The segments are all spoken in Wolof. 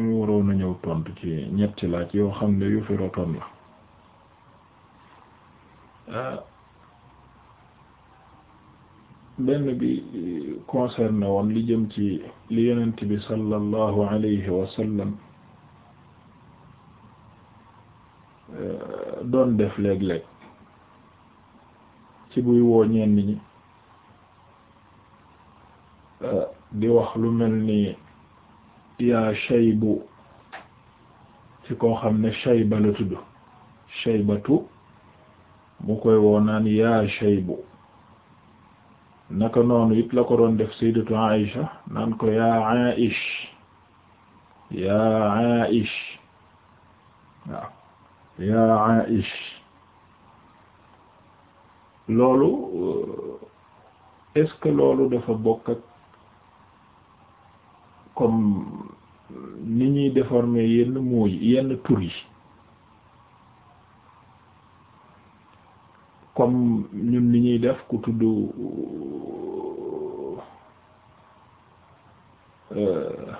ñu waroon a ñëw tontu ci ñetti laaj yoo xam ne yu fi rotoon la benn bi concerné woon li jëm ci li yonent bi sallallahu alayhi wa euh, doon def léeg-léeg ci buy woo ñenn ñi euh, di wax lu mel nii yaa shaybu ci koo xam ne shayba la tudd shaybatu mu koy woo naan yaa shaybu naka noonu it la ko doon def sayyidatu Aïsha naan ko yaa Aïsh yaa Aïsh waaw yaa Aïsh loolu euh, est-ce loolu dafa bokk ak ni ñuy déformer yenn mots yenn tur yi comme ñun ni ñuy def ku tudd euh,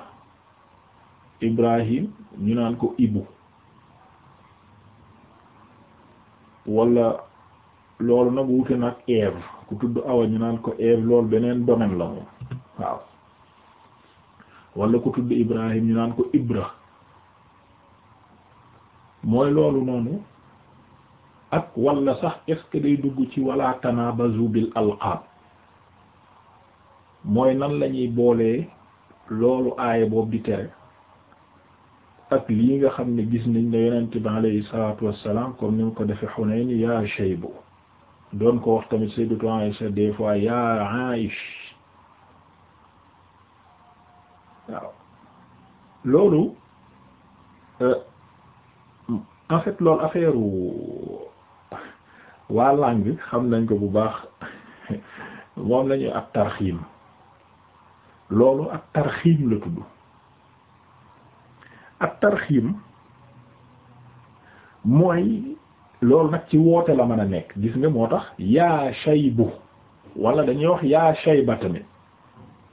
Ibrahim ñu naan ko Ibu wala loolu nag wute nag Ève ku tudd Awa ñu naan ko Ève loolu beneen domaine la moom waaw wala ku tudd Ibrahim ñu naan ko Ibra mooy loolu noonu ak wala sax est-ce que day dugg ci wala tanabazu bil alqaab mooy nan la ñuy boolee loolu aaya boobu di tere ak lii nga xam ne gis nañ ne yonent bi alayhi salaatu wassalaam comme ni mu ko defee Hunayn yaa Shaybu doon ko wax tamit Sayyidatu Aïsha des fois yaa Aïsha loolu euh, en fait loolu affaire waa langue xam nañ ko bu baax moom la ñuy ak tarxiim loolu ak tarxiim la tudd ak tarxiim mooy loolu nag ci woote la mën a nekk gis nga moo tax yaa shaybu wala dañuy wax yaa shayba tamit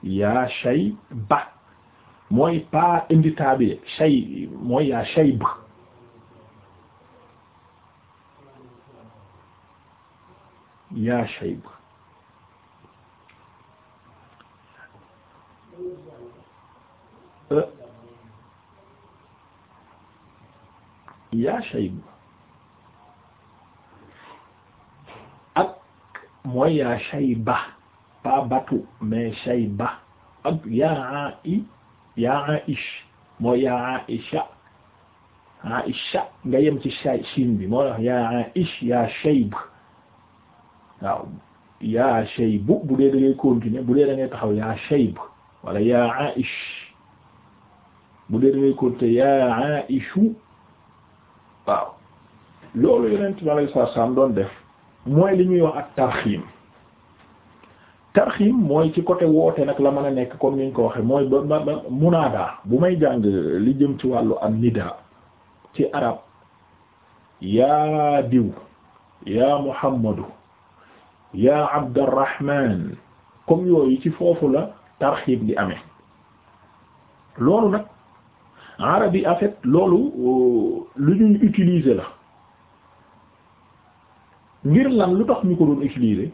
yaa shayba mooy pas indi taabi shay mooy yaa shayb yaa shayb yaa shayb ak mooy yaa shayba pas batu mais shayba ak yaa i yaa Aïcha mooy yaa Aïcha Aïcha nga yem ci shay shin bi moo tax yaa Aïcha yaa Shayb waaw yaa Shayb bu dee da ngay bu dee da taxaw yaa Shayb wala yaa Aïcha bu dee da ngay yaa Aïchu waaw loolu yeneen ci ma lay saa saa doon def mooy li ñuy wax ak tarxiim tarxiim mooy ci côté woote nag la mën a nekk comme niñ ko waxe mooy ba ba ba munaadaa bu may jàng li jëm ci wàllu am nidaa ci arab yaa diw yaa muhammadu yaa abdarrahman comme yooyu ci foofu la tarxiim di amee loolu nag arab yi en loolu lu ñuy utiliser la ngir lan lu tax ñu ko doon utiliser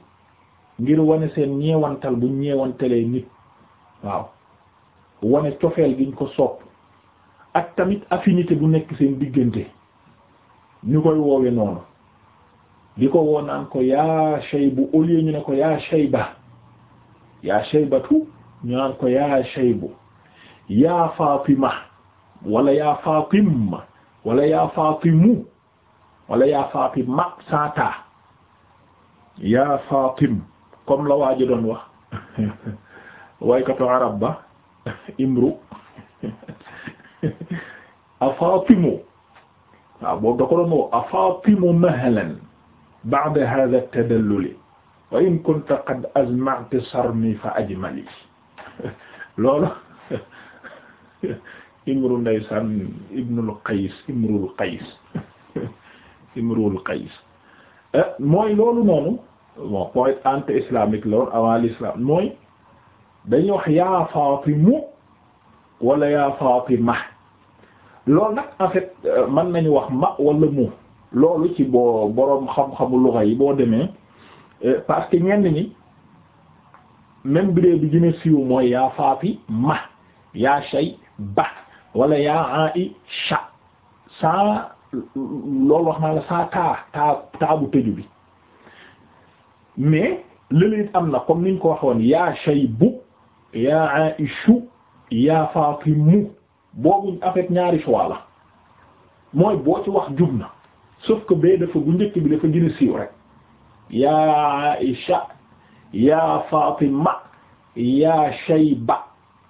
ngir wane seen ñeewantal buñ ñeewantalee nit waaw wane cofeel giñ ko sopp ak tamit affinité bu nekk seen diggante ñu koy woowe noonu di ko woo naan ko yaa Shaybu au ñu ne ko yaa Shayba yaa Shaybatu ñu naan ko yaa Shaybu yaa Fatima wala yaa Fatima wala yaa Fatimu wala yaa Fatima santa yaa Fatim comme la waa ji doon wax waykatu arab ba imru afatimu waaw boobu da ko doon woo afatimu mahlan ba'da hadha at-tadalluli wa in kunta qad azma'ta sarmi fa ajmali loolu imru ndaysan ibnul qays imrul qays imrul qays eh, mooy loolu noonu bon poète anti-islamique loolu woon avant l'islam mooy dañuy wax yaa Faatimu wala yaa Faatima loolu nag en fait euh, mën nañu wax ma wala mu loolu ci boo boroom xam-xamu luxa yi boo demee euh, parce que ñenn ñi même bi dee bi gën a mooy yaa Faati ma yaa shay ba wala yaa Aisha saa loolu wax naa la saa taa taa taa bu tëju bi mais lëleet am na comme niñ ko waxoon yaa Shaybu yaa Aishu yaa Faatimu boobu affaire ñaari choix la mooy boo ci wax jub na sauf que bee dafa bu njëkk bi dafa gën a rek yaa Aisha yaa Fatima yaa Shayba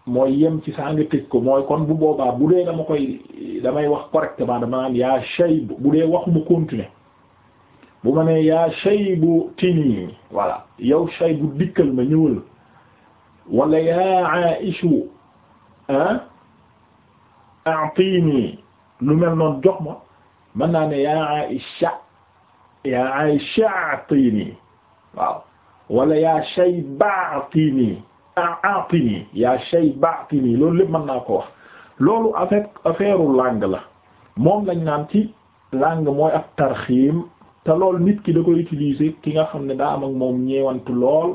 mooy yem ci saa nga ko mooy kon bu boobaa bu dee dama koy damay wax correctement dama naan yaa Shaybu bu dee waxuma continuer bu ma nee yaa shaybu tinii voilà yow shaybu dikkal ma ñëwal wala yaa aishu ah a'tini lu mel noonu jox ma mën naa ne yaa aisha yaa aisha a'tini waaw wala yaa shayba a'tini a'tini yaa shayba a'tini loolu lépp mën naa ko wax loolu affaire affaire langue la moom lañ naan ci langue mooy ak tarxiim te lool nit ki da koy utiliser ki nga xam ne daa am ak moom ñeewantu lool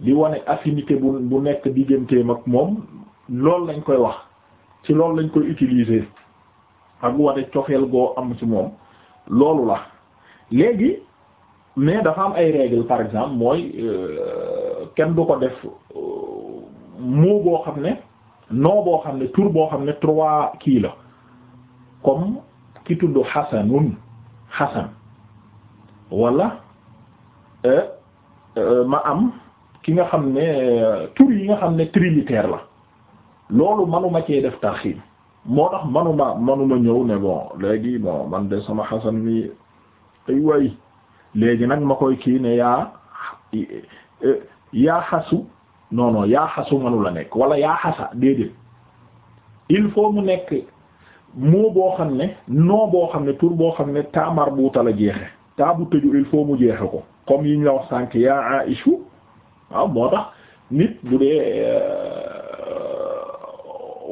di wane affinité bu bu nekk digganteem ak moom lool lañ koy wax ci lool lañ koy utiliser ak wane cofeel goo am ci moom loolu la léegi mais dafa am ay règles par exemple mooy euh, kenn du ko def euh, mot boo xam ne nom boo xam ne tour boo xam ne trois kii la comme ki tudd xasanun xasan wala euh, euh, ma am ki nga xam ne tur yi nga xam ne trilitère la loolu manuma cee def tarxiim moo tax manuma manuma ñëw ne bon léegi moo man de sama xasan mi ay way léegi nag ma koy kii ne yaa yaa xasu non non yaa xasu manu nekk wala yaa xasa déedéet il faut mu nekk moo boo xam ne noo boo xam ne tur boo xam ne taamar buuta a jeexe taabu tëju il faut mu jeexe ko comme yi ñu la wax sànk yaa Aïshu waaw moo tax nit bu dee euh,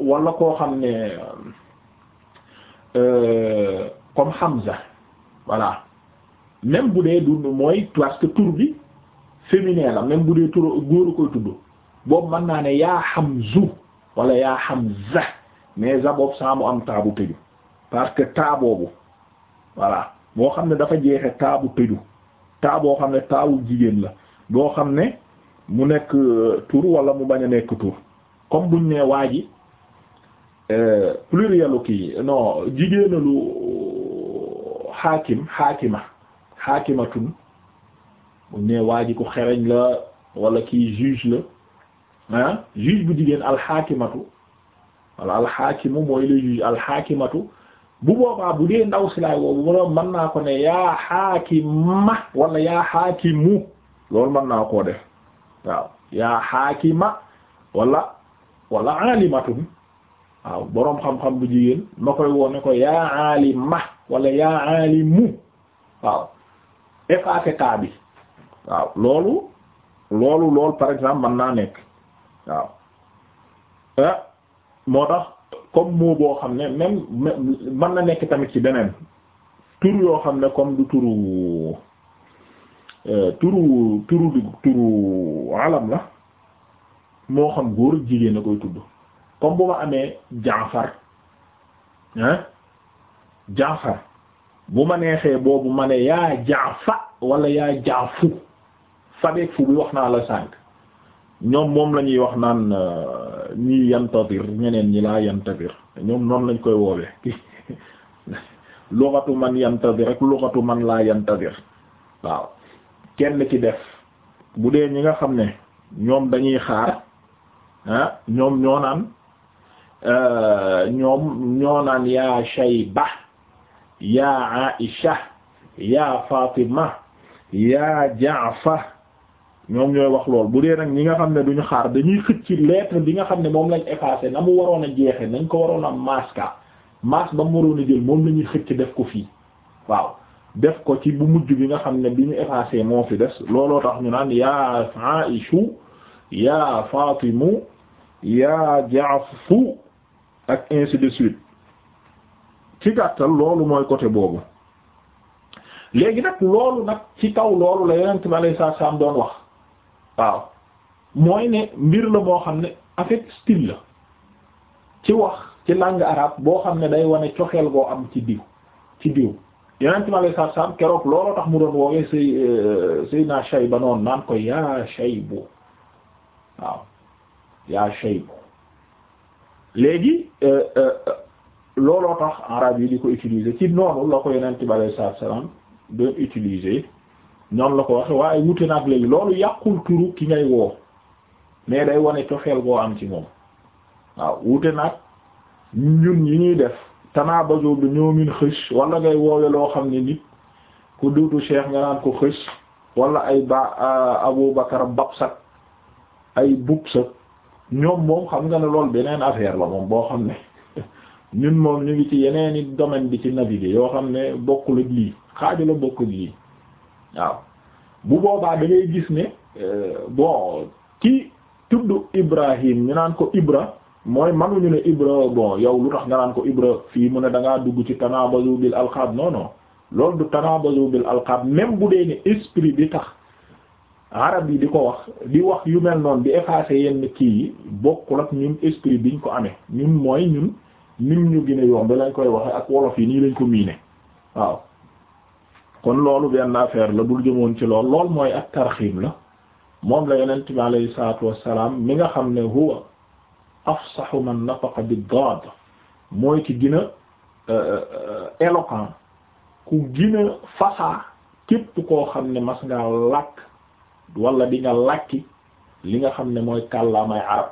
wala koo xam ne euh, comme Hamza voilà même bu dee du mooy parce que tur bi féminin bu dee tur góor koy tudd boobu mën naa ne yaa Hamzu wala yaa xam mais za boobu saa am taabu tëju parce que taa boobu moo xam ne dafa jeexe taabu tëju taa boo xam ne taabu jigéen la boo xam ne mu nekk euh, tur wala mu bañ a nekk tur comme buñ ne waa ji euh, plurielu kii non jigéenalu euh, xaakim xaakima xaakimatun buñ ne waa ji ku xereñ la walla kii juge la ah juge bu jigéen alxaakimatu wala alxaakimu mooy le juge alxaakimatu bu boobaa bu dee ndaw si laay woobu munoom mën naa ko ne yaa xaakima wala yaa xaakimu loolu mën naa koo def waaw yaa xaakima wala wala alimatun waaw boroom xam-xam bu jigéen ma koy woone ko yaa alima wala yaa alimu waaw effacer kaa bi waaw loolu loolu loolu par exemple mën naa nekk waaw eh, moo tax comme moo boo xam ne même man na nekk tamit ci beneen tur yoo xam ne comme du turu euh, turu turu du turu alam la moo xam góor ak jigéen a koy tudd comme bu ma amee jaafar ah jaafar bu ma neexee boobu ma ne yaa jaafa wala yaa jaafu fabeeg fu bi wax naa la sànq ñoom moom la ñuy wax naan euh, ñi yantadir ñeneen ñi laa yantadir ñoom noonu lañu koy woowee lughatu man yantadir rek lughatu man laa yantadir waaw kenn ki def bu dee ñi nga xam ne ñoom dañuy xaar ah, ñoom ñoo naan euh, ñoom ñoo naan yaa Shayba yaa Aisha yaa Fatima yaa Ja'far ñoom ñooy wax lool bu dee nag ñi nga xam ne duñu xaar dañuy xëcc ci lettre bi nga xam ne moom lañ effacé na mu waroon a jeexe nañ ko waroon a maska mas ba mu waroon a jël moom la ñuy xëcc def ko fii waaw def ko ci bu mujj bi nga xam ne bi ñu effacé moo fi des looloo tax ñu naan yaa Aïshu yaa mu yaa Jaafu ak ainsi de suite ci gàttal loolu mooy côté boobu léegi nag loolu nag ci taw loolu la yonent bi alayhi saam doon wax waaw mooy ne mbir la boo xam ne en fait la ci wax ci langue arabe boo xam ne day wane coxeel goo am ci diw ci diw yeneen ci ma lay saar keroog looloo tax mu doon woowee say say naa ba noonu naan ko yaa Shaybu waaw yaa Shaybu léegi euh, euh, looloo tax arabe yi di ko utiliser ci noonu la ko yeneen ci ma lay doon utiliser ñoom la ko waxe waaye wute na léegi loolu yàqul turu ki ngay woo mais day wane cofeel boo am ci moom waaw wute na ak ñun yi ñuy def tanaabazu bi ñoomin xës wala ngay woowe loo xam ne nit ku duutu cheikh nga naan ko xës wala ay ba Abubakar babsak ay bubsak ñoom moom xam nga ne lool beneen affaire la moom boo xam ne ñun moom ñu ngi ci yeneen i domaine bi ci naviguer yoo xam ne bokkul ak lii xaaju la bokkul lii waaw bu boobaa da ngay gis ne euh, bon ki tudd Ibrahim ñu naan ko Ibra mooy manuñu ne Ibra bon yow lu tax nga naan ko Ibra fii mu ne da dugg ci tanabazu bil alqab non non loolu du tanabazu bil alqab même bu dee ne esprit bi tax arab yi di ko wax di wax yu mel noonu di effacer yenn kii yi bokkul ak ñun esprit biñ ko amee ñun mooy ñun nim ñu gën a yomb lañ koy waxe ak wolof yi nii lañ ko miine waaw kon loolu benn affaire la dul jëmoon ci lool lool mooy ak tarxiim la moom la yeneen bi alayhi salaatu wassalaam mi nga xam ne huwa afsahu man nafaqa bi daad mooy ki gën a euh, euh, éloquent ku gën a fasaa képp koo xam ne mas ngaa làkk wala di nga làkki li nga xam ne mooy kàllaamay arab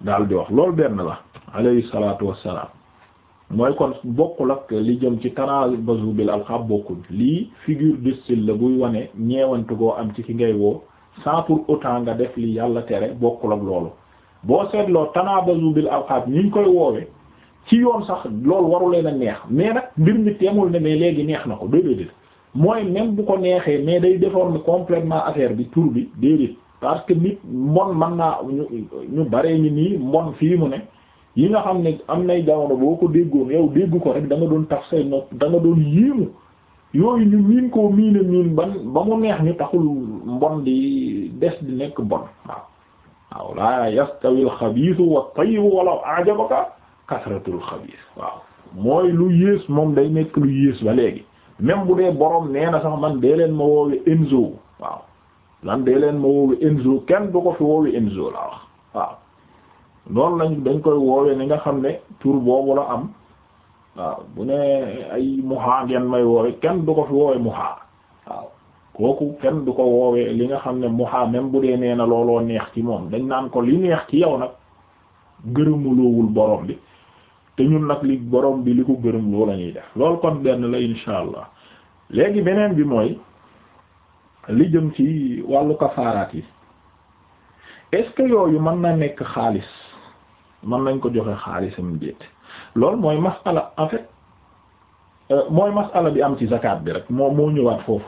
daal di wax loolu benn la alayhi salaatu wassalaam mooy kon bokkul ak li jëm ci tanaabazu bil alqab bokkul lii figure de style la buy wane ñeewantu goo am ci ki ngay woo sans pour autant nga def li yàlla tere bokkul ak loolu boo seetloo tanaabazu bil alqab ñu koy woowe ci yoon sax loolu waru leen a neex mais nag mbir mi teemul ne mais léegi neex na ko déedéet mooy même bu ko neexee mais day déformer complètement affaire bi tur bi déedéet parce que nit mbon mën naa ñu ñu baree ñi nii mbon fii mu ne yi nga xam ne am nay jamono boo ko déggoon yow dégg ko rek da doon tax say nopp da doon yéemu yooyu ñu miin koo miine miin ban ba mu neex ñu taxul mbon di des di nekk bon waaw waaw laa yastawil xabiisu wa tayyibu walaw ajabaka kasratul waaw mooy lu yées moom day nekk lu yées ba léegi même bu dee boroom nee sax man dee leen ma woowe Enzo waaw lan dee leen ma woowe Enzo kenn du ko fi woowe Enzo laa wax waaw noonu lañ dañ koy woowe li nga xam ne tur boobu la am waaw bu ne ay muhaa ngeen may woowe kenn du ko fi woowe muhaa waaw kooku kenn du ko woowe li nga xam ne muhaa même bu dee nee na looloo neex ci moom dañ naan ko li neex ci yow nag gërëmuloowul borom bi te ñun nag li boroom bi li ko gërëm loo lañuy def lool kon benn la insha léegi beneen bi mooy li jëm ci wàllu kafaaraat yi est-ce que yooyu mën na nekk xaalis man nañ ko joxe xaalisam déet loolu mooy masala en fait euh, mooy masala bi am ci zakat bi rek moo moo ñëwaat foofu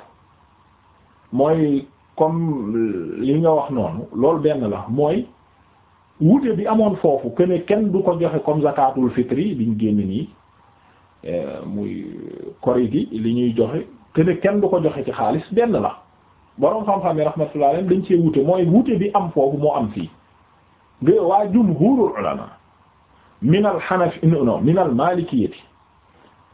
mooy comme li nga wax noonu loolu benn la mooy wuute bi amoon foofu que kenn du ko joxe comme zakatul fitri biñ génn nii euh, muy kori gi li ñuy joxe que kenn du ko joxe ci xaalis benn la boroom xam-xam yi rahmatullah alayhi dañ cee wuute mooy wuute bi am foofu moo am fii waa jumhurul ulama min al hanafi non min al malikiyyati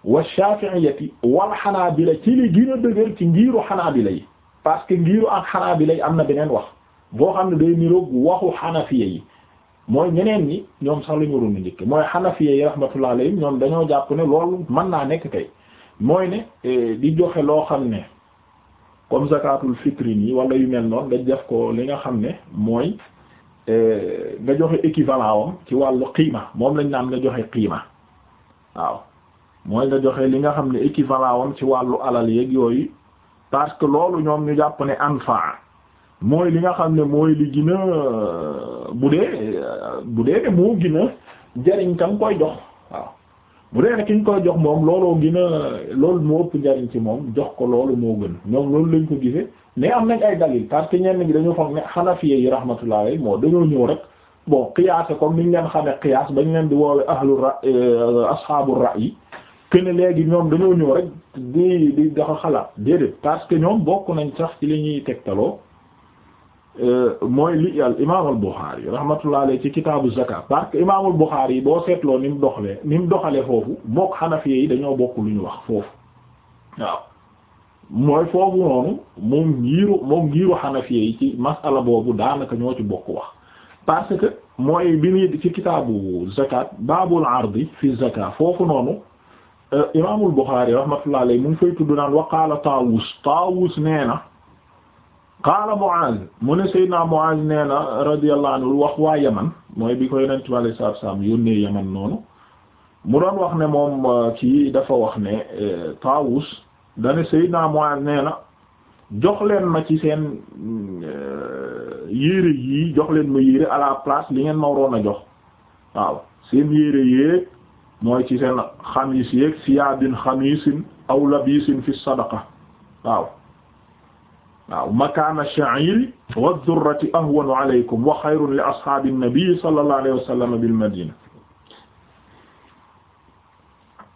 wa shafi'iyyati wal hanabila ci li gën a ci ngiiru hanabila yi parce que ngiiru ak hanabila yi am na beneen wax boo xam ne day niroog waxu hanafiya yi mooy ñeneen ñi ñoom sax la ñu waroon a njëkk mooy hanafiya yi rahmatullah alayhim ñoom dañoo jàpp ne loolu mën naa nekk kay mooy ne eh, di joxe loo xam ne comme zakatul fitri yi wala yu mel noonu nga def ko li nga xam ne mooy Eh, nga joxe équivalent wam ci wàllu qiima moom lañ naan nga joxe qiima waaw mooy nga joxe li nga xam ne équivalent wam ci wàllu alal yeeg yooyu parce que loolu ñoom ñu jàpp ne anfaa mooy li nga xam ne mooy li gën bu dee bu dee ne moo gën a jariñ kan koy jox waaw bu dee ne ki ñu koy jox moom looloo gën loolu moo ëpp njariñ ci moom jox ko loolu moo gën ñoom loolu lañ ko gisee mais am nañ ay dalil parce que ñenn ñi dañoo foog ne xanafiye yi rahmatullah moo dañoo ñëw rek bon qiyaase comme niñ leen xamee qiyaas bañ leen di woowe ahlu ra euh, ashabu ra'yi que ne léegi ñoom dañoo ñëw rek di di dafa xalaat déedéet parce que ñoom bokk nañ sax ci li ñuy tegtaloo euh, mooy li al imaam al Buxaari rahmatullah alayhi ci kitaabu zakat parce que imaam al Buxaari yi boo seetloo ni mu doxalee ni mu doxalee foofu mook xanafiye yi dañoo bokk lu ñu wax foofu waaw mooy foofu noonu moom ngiiru moom ngiiru xanafiya yi ci masala boobu daanaka ñoo ci bokk wax parce que mooy bi ni ci kitaabu zakat baabul ardi fi zakat foofu noonu euh, imaamul Buxaari rahmatullahi alayhi mu ngi fay tudd naan wa qaala Taawus Taawus nee na qaala Muaaz mu ne Seydina Muaaz nee na radiyallahu anhu wax waa Yaman mooy bi ko Yonent bi alayhi salaatu wa salaam Yaman noonu mu doon wax ne moom ci euh, dafa wax ne euh, Taawus dane Seydina Muaz nee na jox leen ma ci seen euh, yére yii jox leen ma yére à la li ngeen ma waroon a jox waaw seen yére yéeg mooy ci seen xamis yeeg siyaabin xamisin aw labisin fi sadaqa waaw waaw makaana sha'iri wa dhurrati ahwanu alaykum wa xayrun li ashaabi an-nabi sallallahu alayhi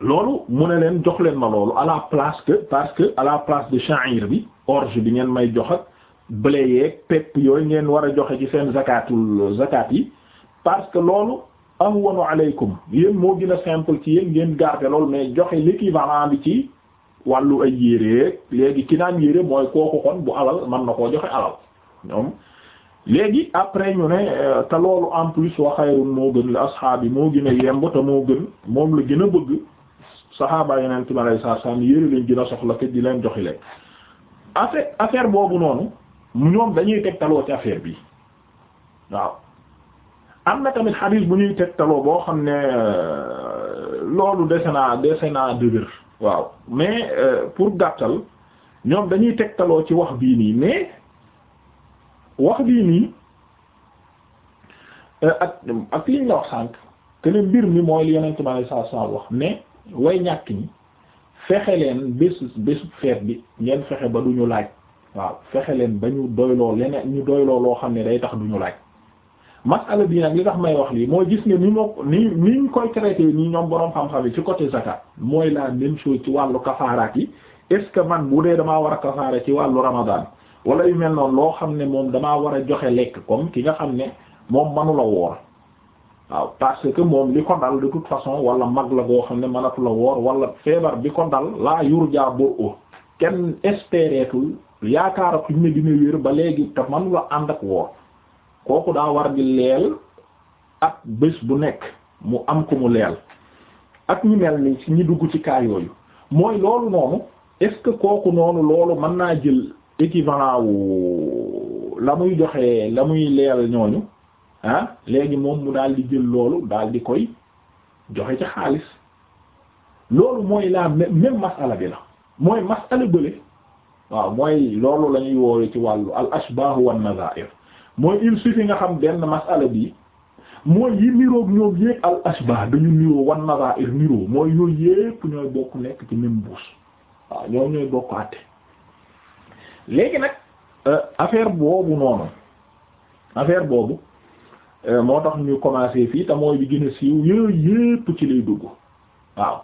loolu mu ne leen jox leen ma loolu à la place que parce que à la place de sha'ir bi orge bi ngeen may jox ak blé yeeg pepp yooyu ngeen war a joxe ci seen zakatul zakat yi parce que loolu ahwanu aleykum yéen moo gën a simple ci yéen ngeen garde loolu mais joxe l'équivalent bi ci wàllu ay yére léegi ki naan yére mooy kooku kon bu alal man na koo joxe alal ñoom léegi après ñu ne euh, te loolu en plus wa xayrun moo gën la asxaab moo gën a yemb te moo gën moom la gën a bëgg saxaaba yeneen ci ma lay saa saa ni yére lañ gën a soxla te di leen joxi lekk affaire affaire boobu noonu ñoom dañuy tegtaloo ci affaire bi waaw am na tamit xadiis bu ñuy tegtaloo boo xam ne euh, loolu dese naa dese naa dëgër waaw mais euh, pour gàttal ñoom dañuy tegtaloo ci wax bii nii mais wax bii nii euh, ak ak liñ la wax sànq que mbir mi mooy li yeneen ci ma lay wax mais. way ñàkk ñi fexe leen bés bésu feet bi ngeen fexe ba duñu laaj waaw fexe leen ba ñu doyloo leneen ñu doyloo loo xam ne day tax duñu laaj masala bii nag li tax may wax lii mooy gis ne ni moo ni niñ koy traité nii ñoom boroom xam-xam yi ci côté zakat mooy la même chose ci wàllu kafaaraat yi est-ce que man bu dee damaa war a kafaara ci wàllu ramadan wala yu mel noonu loo xam ne moom damaa war a joxe lekk comme ki nga xam ne moom manula woor waaw parce que moom li ko dal de toute façon wala mag la goo xam ne mënatu la woor wala feebar bi ko dal laa yurjaa boo kenn espéreetul yaakaaratul ne dina wér ba léegi te manula ànd ak woor kooku daa war di leel ak bés bu nekk mu am ko mu leel ak ñu mel ni ñi dugg ci cas yooyu mooy loolu noonu est-ce que kooku noonu loolu mën naa jël équivalent wu la muy joxe la muy leel ñooñu Ah léegi moom mu daal di jël loolu daal di koy joxe ci xaalis loolu mooy la même masala bi la mooy masala bële waaw mooy loolu lañuy ñuy woowee ci wàllu al ashbah wan nazair mooy il suffit nga xam benn masala bi mooy yi niroog ñoom yépp al ashbah dañu niroo wan nazair niroo mooy yooyu yépp ñooy bokk nekk ci même buus waaw ñoom ñooy bokk àtte léegi nag euh, affaire boobu noonu affaire boobu Euh, moo tax ñu commencé fii te mooy bi gën a siiw yooyu yépp ci lay dugg waaw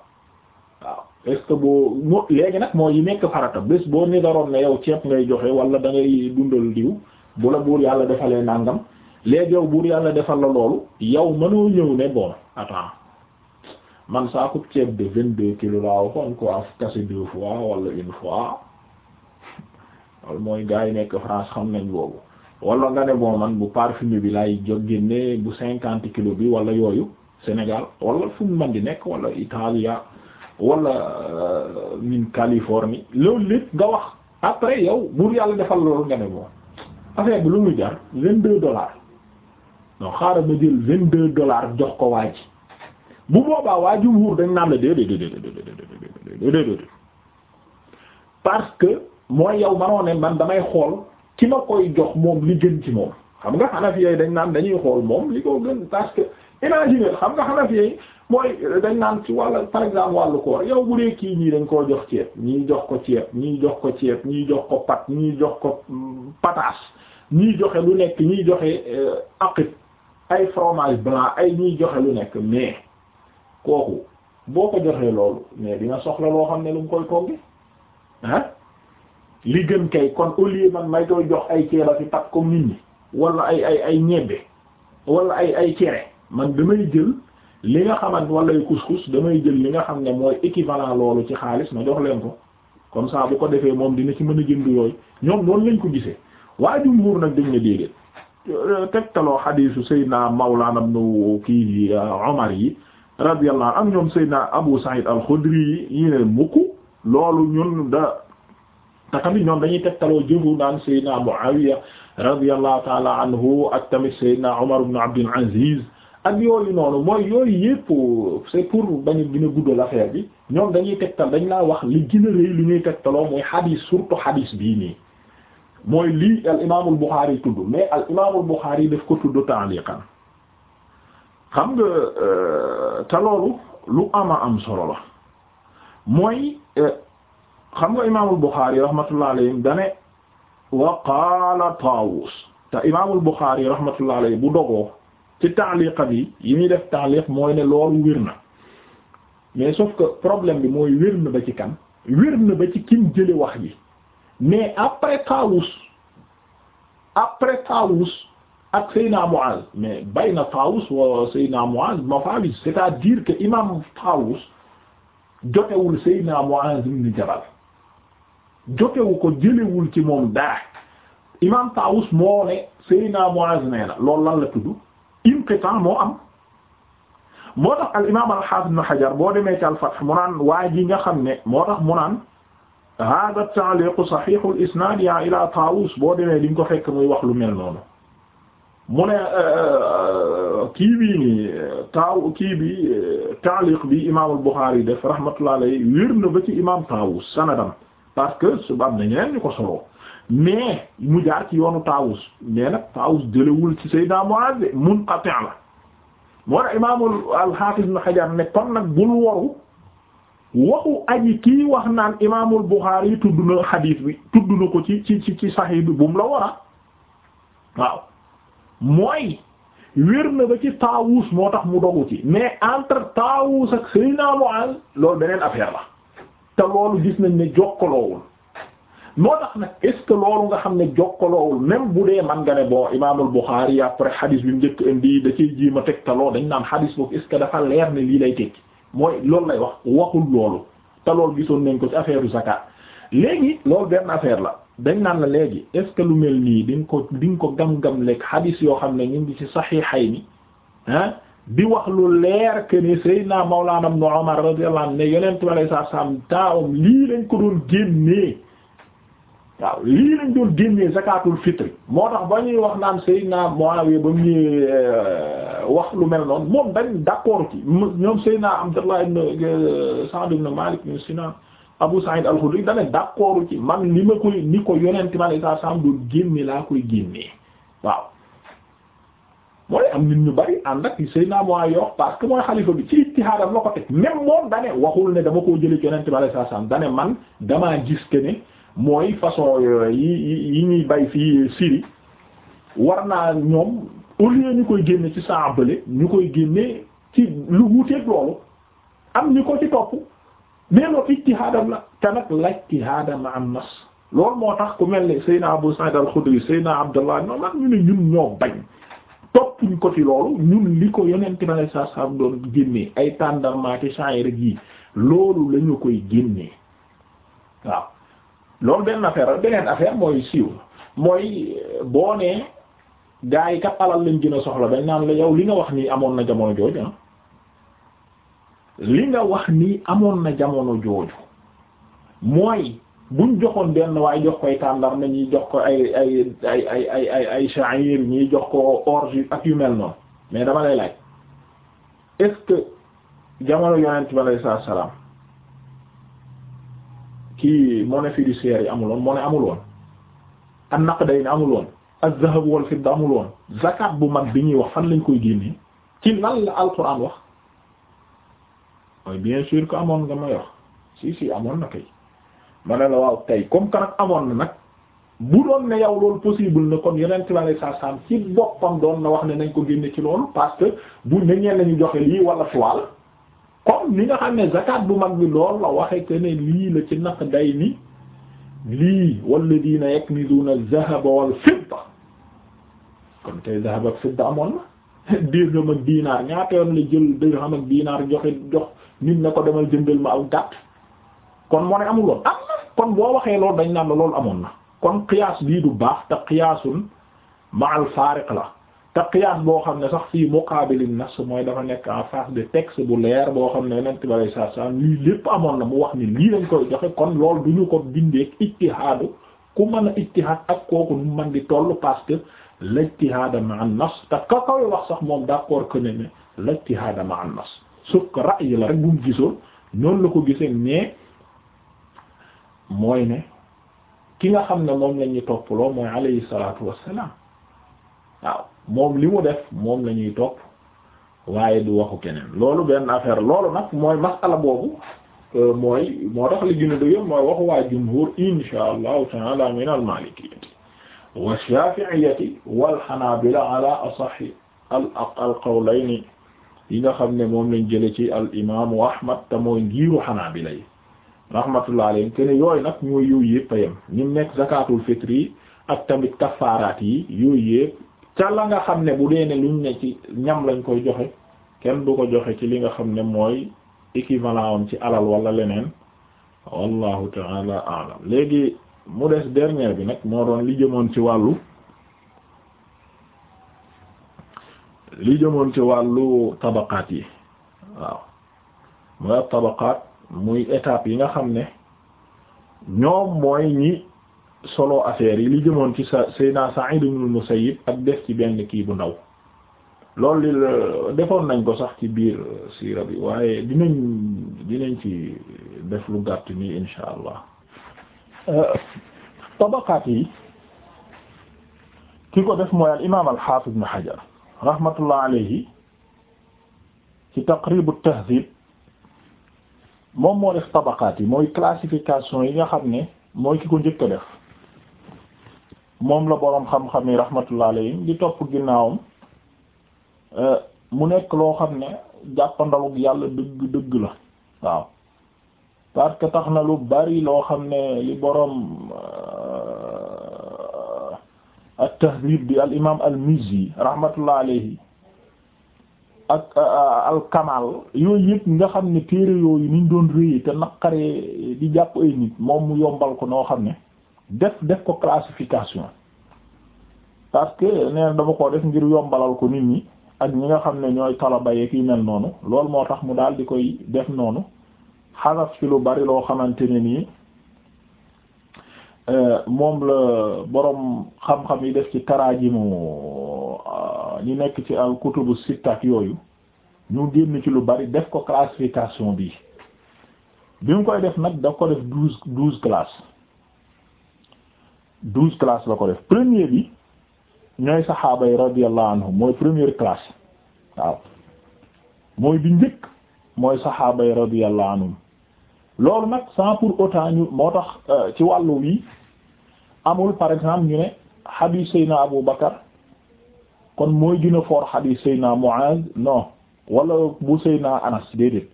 waaw est-ce que boo mo léegi nag mooy yi nekk farata bés boo ni daroon ne yow ceeb ngay joxe wala da ngay dundal diw bu la buur yàlla defalee nàngam léegi yow buur yàlla defal la loolu yow mënoo ñëw ne bon attends man saakub ceeb de vingt-deux kilos laa waxoon quoi cassé deux fois wala une fois loolu mooy gars yi nekk France xam nañ boobu wala nga ne boo man bu parfumé bi laay jóg génne bu cinquante kilos bi wala yooyu Sénégal wala fu mu man di nekk wala Italia wala min Californie loolu lépp nga wax après yow buur yàlla defal loolu nga ne boo affaire bi lu muy jar vingt deux dollars xaaral ma jël vingt deux dollars jox ko waa ji bu boobaa waa ji wuur dañ naan la déedéet déedéet déedéet déedéet parce que mooy yow manoo ne man damay xool ki ma koy jox moom li gën ci moom xam nga Hanafi yi dañ naan dañuy xool moom li ko gën parce que imagine xam nga Hanafi yi mooy dañ naan ci wàll par exemple wàllu koor yow bu dee kii ñii dañ koo jox ceeb ñii jox ko ceeb ñii jox ko ceeb ñii jox ko pat ñii jox ko mm, pataas ñii joxe lu nekk ñii joxe euh, aqit ay fromage blanc ay ñii joxe lu nekk mais kooku boo ko joxee loolu mais dina soxla loo xam ne lu mu koy togge ah li gën kay kon au lieu man may koy jox ay ceeba fi pat comme nit ñi wala ay ay ay ñebbe wala ay ay cere man damay jël li nga xamante wala ay damay jël li nga xam ne mooy équivalent loolu ci xaalis ma jox leen ko comme ça bu ko defee moom dina ci mën a jënd yooyu ñoom noonu lañ ko gisee waa jumhuur nag dañ ne déedéet tegtaloo xadiisu Seydina Mawlana ibnu kii Umar uh, yi radiyallahu am ñoom Seydina Abu Sa'id al-Khudri yi ne mukk loolu ñun da te mi ñoom dañuy tegtaloo jëfu naan Seydina Muawiya radiyallahu taala anhu ak tamit Seydina Umar ibn Abdul Aziz ak yooyu noonu mooy yooyu yépp c'est pour bañu gën a guddal affaire bi ñoom dañuy tegtal dañu la wax li gën a li ñuy tegtaloo mooy xadiis surtout xadiis bii nii mooy lii al imaamul Buxaari tudd mais al imaamul Buxaari def ko tudd ta'liqan xam nga euh, te lu ama am solo la mooy euh, xam nga imaamul Buxaari rahmatullah alayhi dane wa qaala Taawus te imaamul Buxaari rahmatullah alayhi bu dogoo ci taaliqa bi yi muy def taaliq mooy ne loolu wér na mais sauf que problème bi mooy wér na ba ci kan wér na ba ci kim jële wax ji mais après Taawus après Taawus ak Seyna Muaz mais bayna Taawus wa Seyna Muaz mafawiz c'est-à-dire que imaam Taawus jotewul Seyna Muaz Jabal jotewu ko jëlewul ci moom dara imam Tawus moo ne Seydina Muaz nee na loolu lan la tudd inqitan moo am moo tax al imam al-Hafiz Ibn Hajar boo demee ci al-Fath mu naan waa ji nga xam ne moo tax mu naan hada ta'liqu sahihu al-isnad ya ila Tawus boo demee di ko fekk muy wax lu mel noonu mu ne euh, euh, kii bii ni taaw bi euh, ta'liq bi imam al-Bukhari def rahmatullah alayhi wér na ba ci imam Tawus sanadam parce que suba am na ñeneen ñu ko soloo mais mu jaar ci yoonu Taawus mais Taawus jëlewul ci Seydina Muaz munqati' la moo tax imaamul al-Hafiz Ibn ne kon nag bul waru waxu aji kii wax naan imaamul Bukhari tudd na xadiis bi tudd na ko ci ci ci Sahih bi bu mu la wara waaw mooy wér na ba ci Taawus moo tax mu dogu ci mais entre Taawus ak Seydina Muaz loolu beneen affaire la te loolu gis nañ ne jokkaloowul moo tax nag est ce loolu nga xam ne jokkaloowul même bu dee man nga ne bon imaamul Buxaari après xadis bi mu njëkk indi da ciy jiima tegtaloo dañ naan xadis boobu est ce que dafa leer ne lii lay tekki mooy loolu lay wax waxul loolu te loolu gisoon nañ ko ci affaire u léegi loolu benn affaire la dañ naan la léegi est que lu mel nii di ko di nga ko gam-gam lekk xadis yoo xam ne ñu ngi ci saxiixayni ah di wax lu leer que ni Seydina Mawlana Ibn Umar radiyallahu anhu ne yonent bi alayhi salaam taawam lii lañ ko doon génnee waaw lii lañ doon génnee zakatul fitri moo tax ba ñuy wax naan Seydina Muawiya ba mu ñuy euh, wax lu mel noonu moom dañ d'accord ci ñoom Seydina Abdullah ibn euh, Sa'd ibn Malik ibn Sinan Abu Sa'id al-Khudri dañ d'accord ci man li ma koy ni ko yonent bi alayhi salaam doon génne laa koy génnee waaw. mooy am nit ñu bari ànd ak Seydina mois wax parce que mooy xalifa bi ci ijtihaadam la ko teg même moom dane waxul ne dama koo jëlee ci yonent bi sallallahu alayhi wasallam dane man dama gis que ne mooy façon yi yi ñuy bay fii Syrie war naa ñoom au lieu ñu koy génne ci saa bële ñu koy génne ci lu wuuteeg loolu am ñu ko ci topp mais loolu ijtihaadam la te la ijtihaadam am nas loolu moo tax ku mel ni Seydina Abu Sa'id al-Khudri Seydina Abdullah noonu ñu ne ñun ñoo bañ jàppuñ ko ci loolu ñun li ko yeneen tibaay saa saa doon génnee ay tàndarmaaki sha'ir gi loolu lañu koy génnee waaw loolu benn affaire beneen affaire mooy siiw mooy euh, boo nee gaa yi kat alal lañ gën a soxla dañ naan la yow li nga wax nii amoon na jamono jooju ah. li nga wax nii amoon na jamono jooju mooy buñ joxoon benn waaye jox koy tàndar na ñuy jox ko ay ay ay ay ay ay ay ñuy jox ko orge ak yu mel noonu mais dama lay laaj est-ce que jamono yonent bi alayhi salaatu salaam kii monnaie yi amuloon monnaie amuloon an-naqdayn amuloon az-zahab wal fidda amuloon zakat bu mag bi ñuy wax fan lañ koy génnee ci lan la alquran wax bien sûr que amoon nga may wax si si amoon na kay. ma ne la waaw tey comme que nag amoon na nag bu doon ne yow loolu possible na kon yeneen ci wàllu saasaan ci boppam doon na wax ne nañ ko génne ci loolu parce que bu ne ñeen lañu joxe lii wala toile comme ni nga xam ne zakat bu mag bi lool la waxee que ne lii la ci naq day ni lii walladina yaknizuna az-zahaba wal fidda kon tey zahab ak fidda amoon na dirham ak diinaar ñaata yoon la jël xam ak diinaar joxe jox nit na ko demal jëndal ma aw gàtt kon moo ne kon boo waxee loolu dañ naan la loolu amoon na kon qiyaas bii du baax te ma ma'al faariq la te qiyaas boo xam ne sax fii muqaabilin nas mooy dafa nekk en face de texte bu leer boo xam ne yonent bi alayhi salaatu lii lépp amoon na mu wax ni lii lañ koy joxe kon lool duñu ko bindeek ijtihaadu ku mën a ijtihaad ak kooku nu man di toll parce que l'ijtihaad ma'an nas te ka wax sax moom d'accord que ne ne l'ijtihaad ma'an nas su ko ra'yi la rek bu mu la ko gisee mais mooy ne ki nga xam ne moom lañuy topploo mooy alayhi salaatu wassalaam waaw moom li mu def moom lañuy ñuy topp waaye du waxu keneen loolu benn affaire loolu nag mooy masala boobu euh, mooy moo tax li gën a mooy waxu waa jumhur insha allahu taala min almalikiyati wa shafi'iyati wal hanabila ala al al qawlayni yi nga xam ne moom lañ jële ci al imaamu ahmad te mooy ngiiru hanabila rahmatullah alayhi te ne yooyu nag ñooy yooyu yëpp a yem ñu nekk zakatul fitri ak tamit kafaaraat yi yooyu yëpp ca la nga xam ne bu dee ne luñ ne ci ñam lañ koy joxe kenn du ko joxe ci li nga xam ne mooy équivalent am ci alal wala leneen wallahu taala alam léegi mu des dernier bi nag moo doon li jëmoon ci wàllu li jëmoon ci wàllu tabaqaat yi waaw mooy tabaqaat muy étape yi nga xam ne ñoom mooy ñi solo affaire yi li jëmoon ci sa Seydina Sa'id ibn Musayyib ak def ci benn kii bu ndaw loolu li defoon nañ ko sax ci biir siira bi waaye dinañ dinañ ci def lu gàtt nii insha allah euh, tabaqaat yi ki ko def mooy al imaam al haafiz ibn Hajar rahmatullah alayhi ci taqrib at-tahdhib moom moo def tabaqaat yi mooy classification yi nga xam ne mooy ki ko njëkk a def moom la boroom xam-xam yi rahmatullah alayhim di topp ginnaawam euh, mu nekk loo xam ne jàppandalug yàlla dëgg dëgg la waaw parce que tax na lu bari loo xam ne li boroom euh, at-tahdhib bi al imam al-Mizzi rahmatullah alayhi ak euh, euh, alkamal yooyu yëpp nga xam ne téere yooyu niñ doon réye te naqaree di jàpp ay nit moom mu yombal ko noo xam ne def def ko classification parce que neen dama ko def ngir yombalal ko nit ñi ak ñi nga xam ne ñooy talaba yeeg yu mel noonu lool moo tax mu daal di koy def noonu xanaf fi lu bari loo xamante ne nii euh, moom la boroom xam-xam yi def ci mu ñu nekk ci al kutubu sittak yooyu ñu génn ci lu bari def ko classification bi bi mu koy def nag da ko def douze douze classes douze classes la ko def premier bi ñooy saxaaba yi radiyallahu anhum mooy première classe waaw mooy bi njëkk mooy saxaaba yi radiyallahu anhum loolu nag sans pour autant ñu moo tax euh, ci wàllu wi amul par exemple ñu ne hadith sayna Abu Bakar kon mooy gën a fort xadiis Seyna Muaz non wala bu naa Anas déedéet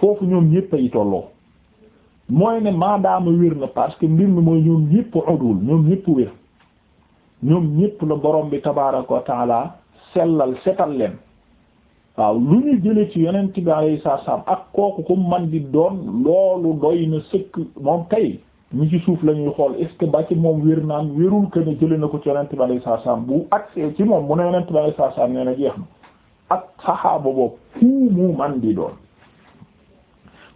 foofu ñoom ñëpp ay tolloo mooy ne maadaama wér na parce que mbir mi mooy ñoom ñëpp odul ñoom ñëpp wér ñoom ñëpp la borom bi tabaaraka wa taala sellal setal leen waaw lu ñu jële ci yonent bi alayhi salaam ak kooku ku man di doon loolu doy na sëkk moom kay ñi ci suuf la ñuy xool est ce que ba ci moom wér naan wérul que ne jëlee na ko ci yonent bi alayhi salaam bu agsee ci moom mu ne yonent bi alayhi salaam nee jeex na ak saxaaba boobu fu man di doon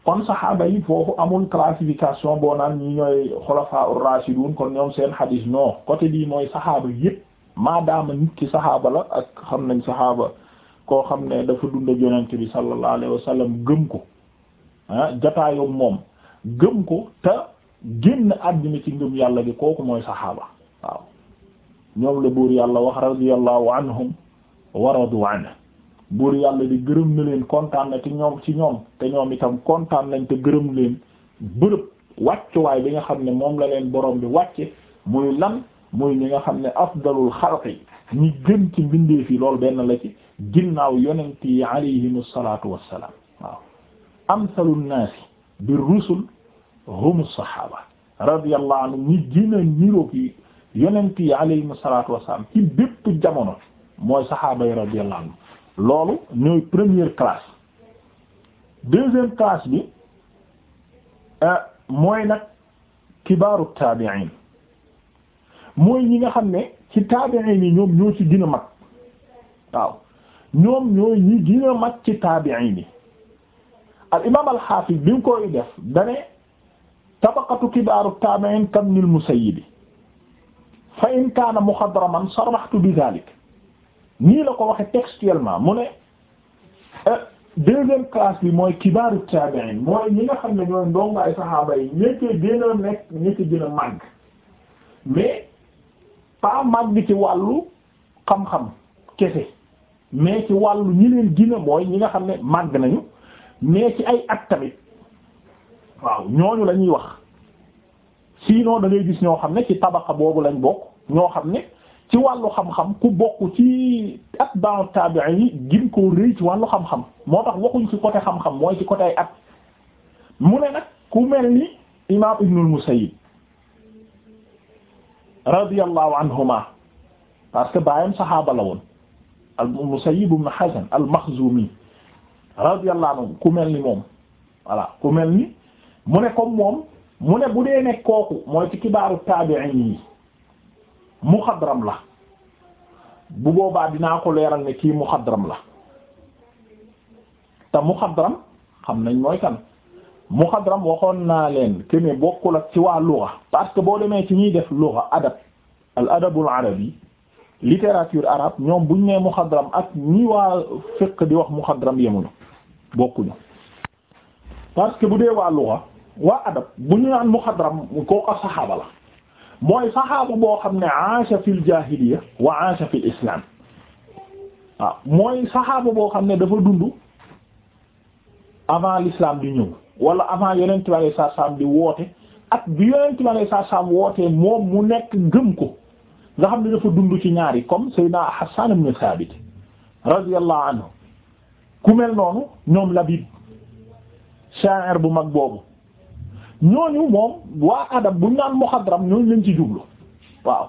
kon saxaaba yi foofu amul classification boo naan ñi ñooy xulafaa ar-rashidun kon ñoom seen xadiis non côté bii mooy saxaaba yépp maadaama nit ki saxaaba la ak xam nañ saxaaba koo xam ne dafa dund ak yonent bi sallallahu alayhi wa sallam gëm ko ah jataayoom moom génn àddina ci ngëm yàlla gi kooku mooy saxaaba waaw ñoom la buur yàlla wax radiyallahu anhum wa radu anhu buur yàlla di gërëm na leen kontaan na te ñoom ci ñoom te ñoom itam kontaan lañ te gërëm leen bërëb wàccuwaay bi nga xam ne moom la leen borom bi wàcce muy lan muy ñi nga xam ne afdalul xalqi ñi gën ci mbindeef yi lool benn la ci ginnaaw yonent yi alayhimu salaatu wassalaam waaw amsalun naasi bi rusul hum saxaaba radiyallahu anhu ñi gën a niroog yi yonent yi alayhimu salaatu wassalaam ci bépp jamono mooy saxaaba yi radiyallahu anhu loolu ñooy première classe deuxième classe bi euh, mooy nag kibaaru taabi'iin mooy ñi nga xam ne ci taabi'iin ñoom ñoo ci gën a mag waaw ñoom ñooy ñi gën mag ci taabi'iin yi al imaam al xaafis bi koy def dane tabaqatu kibaaru taabi'iin kabnil musayyibi fa in kaana muxadraman sarahtu bi daalik nii la ko waxe textuellement mu ne eh, deuxième classe bi mooy kibaaru taabi'iin mooy ñi nga xam ne ñooy ndongaay saxaaba yi ñetti gën a nekk ñetti gën a màgg mais pas màgg ci wàllu xam-xam kese mais ci wàllu ñi leen gën mooy ñi nga xam ne màgg nañu mais ci ay at tamit waaw ñooñu la ñuy wax sinon da ngay gis ñoo xam ne ci tabaqa boobu lañ bokk ñoo xam ne ci wàllu xam-xam ku bokk ci at baaw tabi'i yi gin koo rëy ci wàllu xam-xam moo tax waxuñ ci côté xam-xam mooy ci côté ay at mu ne nag ku mel ni imaam Ibnul Musayyib radiyallahu anhuma parce que baayam saxaaba la woon al Musayyib ibn Hazn al Makhzumi ku mel ni moom voilà ku mel ni mu ne comme moom mu ne bu dee nekk kooku mooy ci kibaaru taabi'in yi muxadram la bu boobaa dinaa ko leeral ne kii muxadram la te muxadram xam nañ mooy kan muxadram waxoon naa leen ke ne bokkul ak ci waa lugha parce que boo demee ci ñuy def lugha adab al adabul arabi littérature arabe ñoom buñ ne muxadram ak ñi waa fiqh di wax muxadram yemuñu bokkuñu parce que bu dee waa lugha waa adab bu ñu naan muxadram kooku saxaaba la mooy saxaaba boo xam ne aasha fil jaahiliya wa aasha fil islam mooy saxaaba boo xam ne dafa dund avant l'islam di ñëw wala avant yonent bi alayhi salaam di woote bi yonent bi alayhi salaam moom mu nekk gëm ko nga xam ne dafa dund ci ñaari comme Seydina Hassan ibn Thabit radiyallahu anhu ku mel noonu ñoom Labib sha'ir bu mag boobu ñooñu moom waa adab buñ naan muxadram ñooñu lañ ci jublu waaw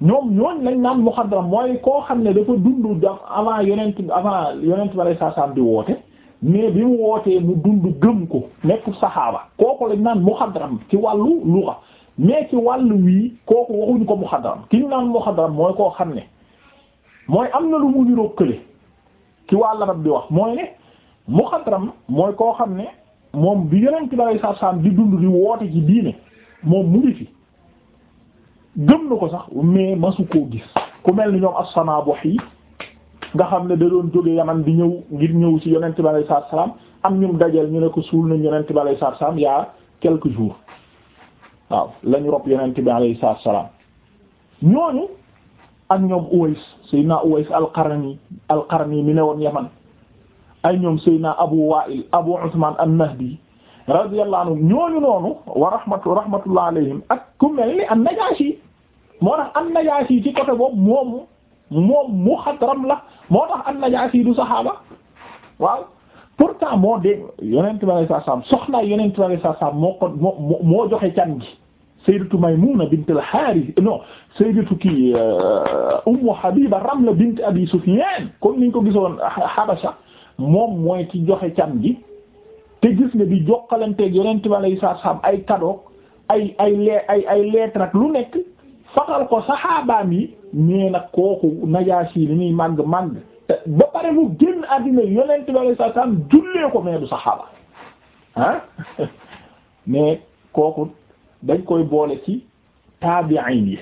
ñoom ñooñ lañ naan muxadram mooy koo xam ne dafa dund daf avant yonent avant yonent bi alay saasaam di woote mais bi mu wootee mu dund gëm ko nekk saxaaba kooku lañ naan muxadram ci wàllu luxa mais ci wàllu wii kooku waxuñu ko muxadram ki ñu naan muxadram mooy koo xam ne mooy am na lu mu niroog kële ki wàll rab bi wax mooy ne muxadram mooy koo xam ne moom bi yeneen ci lay sarsam di dund di woote ci diine moom mu ngi fi gëm na ko sax mais masu koo gis ku mel ni ñoom as-Sanaabihi nga xam ne da doon jóge Yaman di ñëw ngir ñëw ci yonent bi alayhi salaatu salaam am ñum dajal ñu ne ko suul nañ yonent bi alayhi salaatu salaam yaa quelques jours waaw lañu rob yonent bi alayhi salaatu salaam ñooñu ak ñoom Uways Sayyidina Uways al-Qarni al-Qarni mi ne woon Yaman ay ñoom Seydina Abu Wa'il Abu Usman an-Nahdi radiyallahu anhum ñooñu noonu wa rahmatu rahmatullah alayhim ak ku mel ni an-Najashi moo tax an-Najashi ci côté boobu moomu moom muxadram la moo tax an-Najashi du saxaaba waaw pourtant moo dégg yonent bi alayhi salaam soxna yonent bi alayhi salaam moo ko moo moo joxe can gi Sayyidatu Maymuna bint al-Harith non Sayyidatu kii euh, Ummu Habiba Ramla bint Abi Sufyan comme niñ ko gisoon Habasha moom mooy ci joxe can gi te gis nga di jokkalanteeg yeneen tubaab yi saa saam ay cadeau ay ay lee ay ay lettre lu nekk faxal ko saxaabaam yi nee nag kooku Najaasi yi li muy màgg màgg te ba pare mu génn àddina yeneen tubaab yi saa saam jullee ko mais du saxaaba ah mais kooku dañ koy boole ci taabi'in yi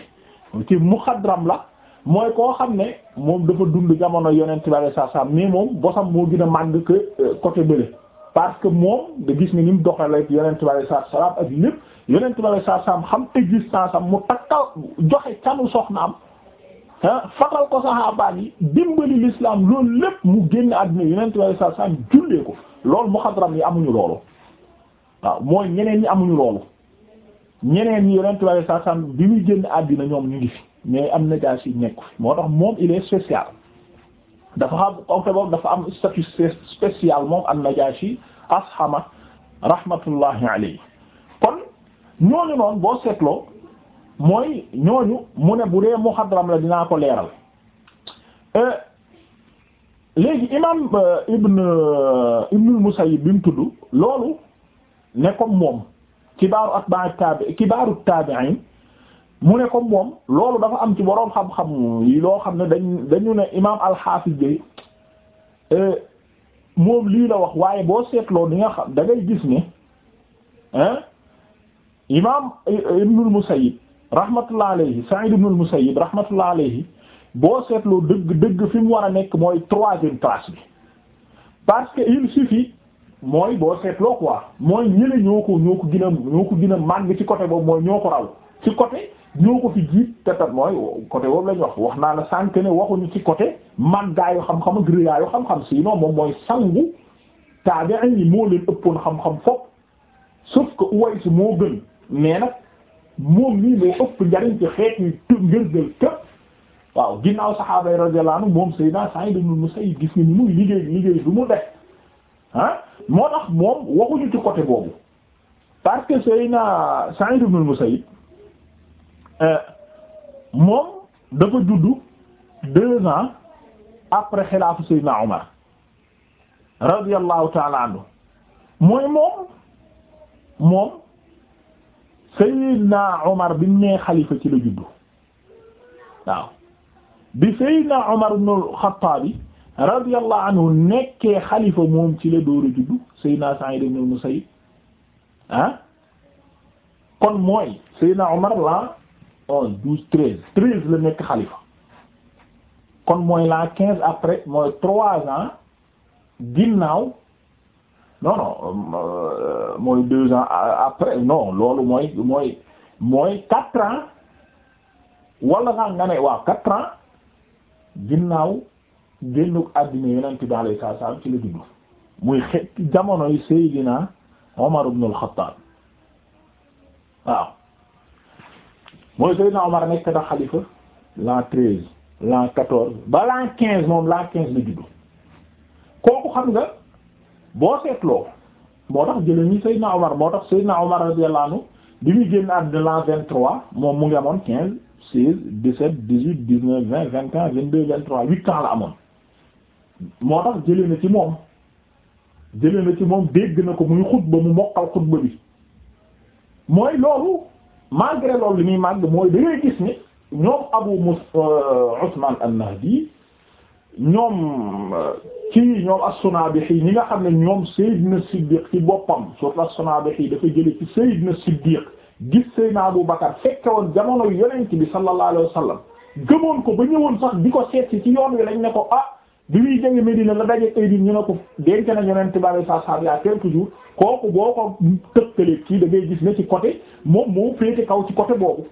ci muxadram la. mooy koo xam ne moom dafa dund jamono yonent bi alayhi salaam mais moom bosam moo gën a màgg que euh, côté parce que moom da gis ne ni mu doxalee yonent bi alayhi salaam ak lépp yonent bi alayhi salaam xam existence am mu takkal joxe canu soxnaam ah faral ko saxaabaan yi dimbali l'islam loolu lépp mu génn àdduna yonent bi alayhi salaam jullee ko loolu muxadram yi amuñu loolu waaw mooy ñeneen ñi amuñu loolu ñeneen ñi yonent bi alayhi bi muy génn àdduna ñoom ñu ngi fi. mais am najaasi nekku moo tax moom il est spécial dafa xam kooku boobu dafa am statut spécial moom am najaasi ashama rahmatullahi alayhi kon ñooñu noonu boo seetloo mooy ñooñu mu ne bu dee muxadram la dinaa ko leeral euh, léegi imam euh, ibn euh, ibnul musayyib bi mu tudd loolu ne comme moom kibaaru atbaa tabi kibaaru tabi'in mu ne comme moom loolu dafa am ci boroom xam-xam yi loo xam ne dañ dañu ne imaam alxaafis bi euh, moom lii la wax waaye boo seetloo di nga xam da ngay gis ne ah imaam euh, ibnul musayyib rahmatullah alayhi sa'id ibnul musayyib rahmatullah alayhi boo seetloo dëgg dëgg fi mu war a nekk mooy troisième classe bi parce que il suffit mooy boo seetloo quoi mooy ñële ñoo ko ñoo ko gina a ñoo ko gën a màgg ci côté boobu mooy ñoo ko raw ci côté ñoo ko fi jiit te mooy côté boobu la ñu wax wax naa la sànq ne waxuñu ci côté màggaayu xam-xam ak rëyaayu xam-xam sinon moom mooy sangu taabi'in yi moo leen ëppoon xam-xam fop sauf que Uways moo gën mais nag moom nii moo ëpp njariñ ci xeet yi të ngërgël këpp waaw ginnaaw saxaaba yi radiyallahu anhu moom Seydina Sa'id ibn Musayyib gis ni muy liggéey liggéey lu mu def ah moo tax moom waxuñu ci côté boobu parce que Seydina Sa'id ibn Musayyib Euh, moom dafa juddu deux ans après xilaafu Seydina Omar radiyallahu taala anhu mooy moom moom Seydina Omar bi nee xalifa ci la juddu waaw bi Seydina Omar ibn al-Khattab radiyallahu anhu nekkee xalifa moom ci la door a juddu Seydina Sa'id ibn al-Musayyib ah kon mooy Seydina Omar la onze douze treize treize la nekk xalifa kon mooy la quinze après mooy trois ans ginnaaw non non euh, mooy deux ans après non loolu mooy mooy mooy quatre ans wala sax nga ne waaw quatre ans ginnaaw génnuk àddina yeneen ci daal saa saa ci la dugg muy xeet jamonoy Seydina Omar ibn al waaw. mooy Seydina Omar nekk na xalifa l'an treize l'an quatorze ba l'an quinze moom l'an quinze la juddu kooku xam nga boo seetloo moo tax jële ñi Seydina Omar moo tax Seydina Omar radiyallahu anhu bi muy génn àddina l'an vingt trois moom mu ngi amoon quinze seize dix-sept dix-huit dix-neuf vingt vingt et vingt-deux vingt-trois huit ans la amoon moo tax jële na ci moom jële na ci moom dégg na ko muy xutba mu mokkal xutba bi mooy loolu malgré loolu li muy màgg mooy da ngay gis ni ñoom Abu Mus euh, Usman an-Nahdi ñoom euh, ci ñoom as-Sunabihi ñi nga xam ne ñoom Sayyidna Siddiq ci boppam a surtout as-Sunabihi dafa jële ci Sayyidna Siddiq gis Sayyidna Abu Bakar fekke woon jamono yonent bi sallallahu alayhi wa sallam gëmoon ko ba ñëwoon sax di ko seet ci yoon wi lañ ne ko ah bi muy jëngi Medina la daje Aydin ñu ne ko denc na yonent bi alayhi salaam yaa quelques jours kooku boo ko tëkkalee kii da ngay gis ne ci côté moom moo féete kaw ci côté boobu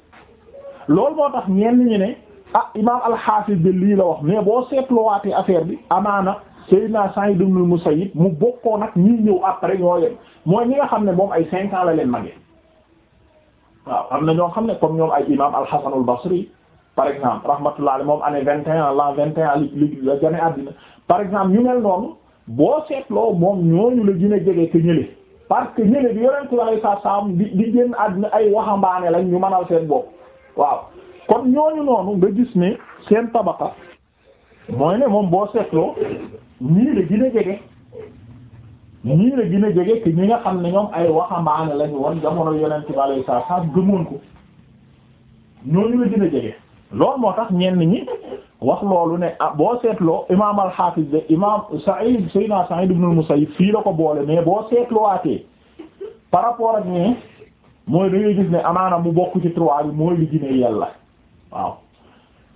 loolu moo tax ñenn ñi ne ah imaam al bi lii la wax mais boo seetluwaatee affaire bi amaana Sayyidina Sa'id ibn al-Musayyib mu bokkoon ak ñuy ñëw après ñoo yem mooy ñi nga xam ne moom ay cinq ans la leen màggee waaw am na ñoo xam ne comme ñoom ay imaam al-Hasan basri par exemple rahmatullah ale moom année vingt et un l'an la gane àddina par exemple ñu mel noonu boo seetloo moom ñooñu la gën a jege que ñële parce que ñële bi yoreentu waxee sa saam di di génn àddina ay waxambaane lañ ñu mënal seen bopp waaw kon ñu noonu nga gis ne seen tabaka mooy ne moom boo seetloo ñii la gën jege ñii la gën a jege que ñi nga xam ne ñoom ay waxambaane lañ woon jamono yonent bi alayhi salaam gëmoon ko ñooñu la gën a jege lool moo tax ñenn ñi wax loolu ne ah boo seetloo imaam al-Hafiz de imaam Sa'id Seydina Sa'id ibn al fii la ko boole mais boo seetloowaatee par rapport ak ñi mooy da gis ne amaana mu bokk ci trois bi mooy li gine yàlla waaw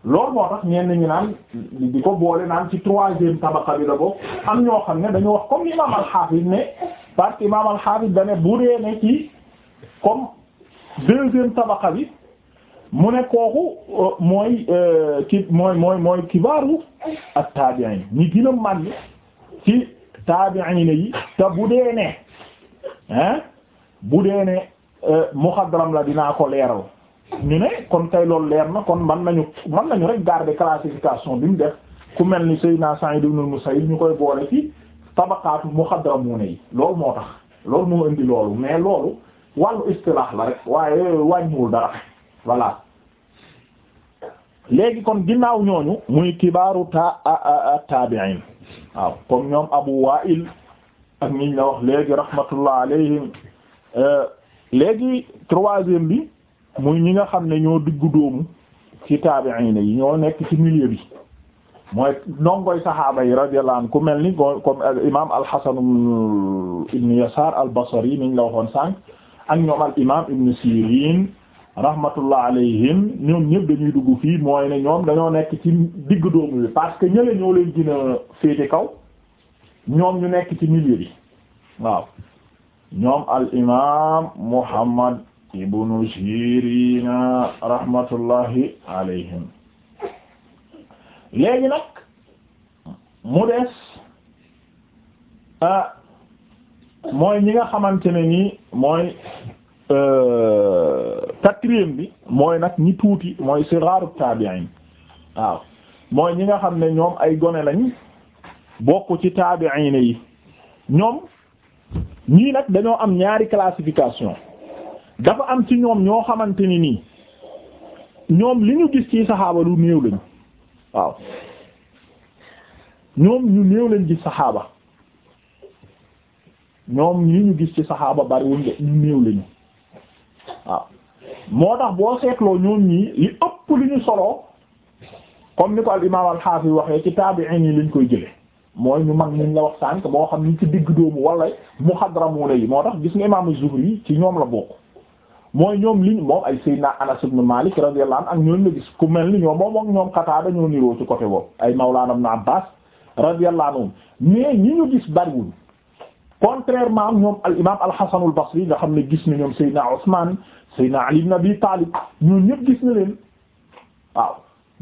loolu moo tax ñenn ñi naan di ko boole naan ci troisième tabaqa bi la bokk am ñoo xam ne dañoo wax comme imaam al-Hafiz ne parce que imaam al-Hafiz da ne bu dee ne ci comme deuxième tabaqa bi. mu ne kooku euh, mooy euh, ki mooy mooy mooy kibaaru ak taabi'in ñi gën a màgg ci taabi'in yi te bu dee ne hein bu dee ne euh, muxadram la dinaa ko leeral ñu ne kon tey loolu leer na kon man nañu man nañu rek garder classification bi mu def ku mel ni sey Sa'id ibn al-Musayyib ñu koy boole ci tabaqaatu muxadramuuna yi loolu moo tax loolu moo indi loolu mais loolu wàllu istilah la rek waaye wàññiwul dara voilà léegi kon ginnaaw ñooñu muy kibaaru ta tabi'in waaw comme ñoom Abu Wa'il ak ñiñ la wax léegi rahmatullah alayhim euh, léegi troisième bi muy ñi nga xam ne ñoo diggu dóomu ci tabi'in yi ñoo nekk ci milieu bi mooy ndongoy saxaaba yi radiyallahu ku mel ni comme imam al-Hasan ibn Yasar al-Basri niñ la waxoon sànq ak ñoom al imam ibn Sirin rahmatullah alayhim ñoom ñëpp dañuy dugg fii mooy ne ñoom dañoo nekk ci digg doomu bi parce que ñële ñoo leen gën a kaw ñoom ñu nekk ci milieu bi waaw ñoom al imam Muhammad ibnu Sirina rahmatullahi alayhim léegi nag mu des ah, mooy ñi nga xamante ne nii mooy Euh, quatrième bi mooy nag ñi tuuti mooy sigaaru taabi'in waaw mooy ñi nga xam ne ñoom ay gone lañ bokk ci taabi'in yi ñoom ñii nag dañoo am ñaari classification dafa am ci ñoom ñoo xamante ni nii ñoom li ñu gis ci saxaaba lu néew lañ waaw ñoom ñu néew lañ gis saxaaba ñoom li ñu gis ci saxaaba bariwuñ de lañu moo tax boo seetloo ñoom ñii li ëpp li ñu soloo comme ni ko al imaam al xaafis waxee ci taabi'iin yi lañ koy jële mooy ñu mag ñu la wax sànk moo xam ni ci digg dóomu wala muxadramuuna yi moo tax gis nga imaam az-Zuhri ci ñoom la bokk mooy ñoom li moom ay Seydina Anas ibn Malik radiyallahu anhu ak ñoom la gis ku mel ni ñoom moom ak ñoom Qataada ñoo niroo ci côté boobu ay Mawlaana ibn Abbaas radiyallahu anhu mais ñi ñu gis bariwul contrairement ñoom al imam al Hasan al Basri nga xam ne gis na ñoom Seydina Ousmane Seydina Ali ibn Abi Talib ñoo ñëpp gis na leen waaw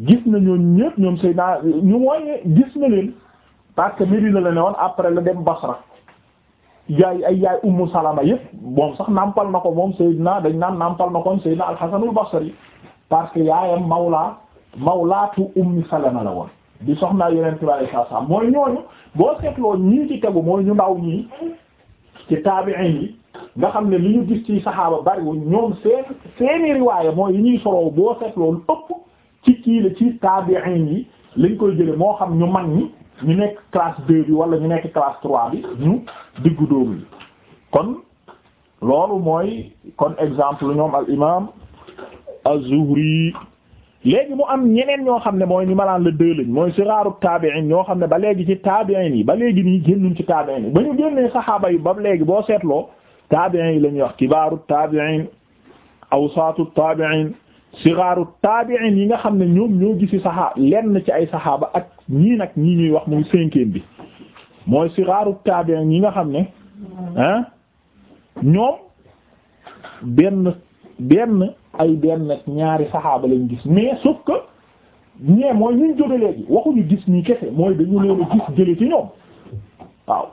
gis na ñoo ñëpp ñoom Seydina ñu mooy gis na leen parce que Médina la ne woon après la dem Basra yaay ay yaay Ummu Salama yëpp moom sax nampal na ko moom Seydina dañ naan nampal na ko Seydina al Hasan al Basri parce que yaayam mawla mawlaatu Ummu Salama la woon di soxnaa yeneen tubaab yi saa mooy ñooñu boo seetloo ñii ci tegu mooy ñu ndaw ñii ci taabi'in yi nga xam ne li ñu gis ci saxaaba bariwul ñoom seen seeni riwaaya mooy yi ñuy soroo boo seetloo lu ëpp ci kii la ci taabi'in yi lañ koy jële moo xam ñu mag ñi ñu nekk classe deux bi wala ñu nekk classe trois bi ñu diggu dóomu yi kon loolu mooy kon exemple ñoom al imaam az-Zuhri léegi mu am ñeneen ñoo xam ne mooy ñi malaan la deux lañ mooy siraaru taabi'in ñoo xam ne ba léegi ci taabi'in yi ba léegi nii génnuñ ci taabi'in yi ba ñu génnee saxaaba yi ba léegi boo seetloo taabi'in yi la ñuy wax kibaaru taabi'in awsaatu taabi'in siraaru taabi'in yi nga xam ne ñoom ñoo gisi saxaa lenn ci ay saxaaba ak ñii nag ñii ñuy wax muy cinquième bi mooy siraaru taabi'in yi nga xam ne ah ñoom benn benn ay benn nag ñaari saxaaba lañ gis mais sauf que ñee mooy ñu jóge léegi waxuñu gis ñi kese mooy dañu leen gis jële ci ñoom waaw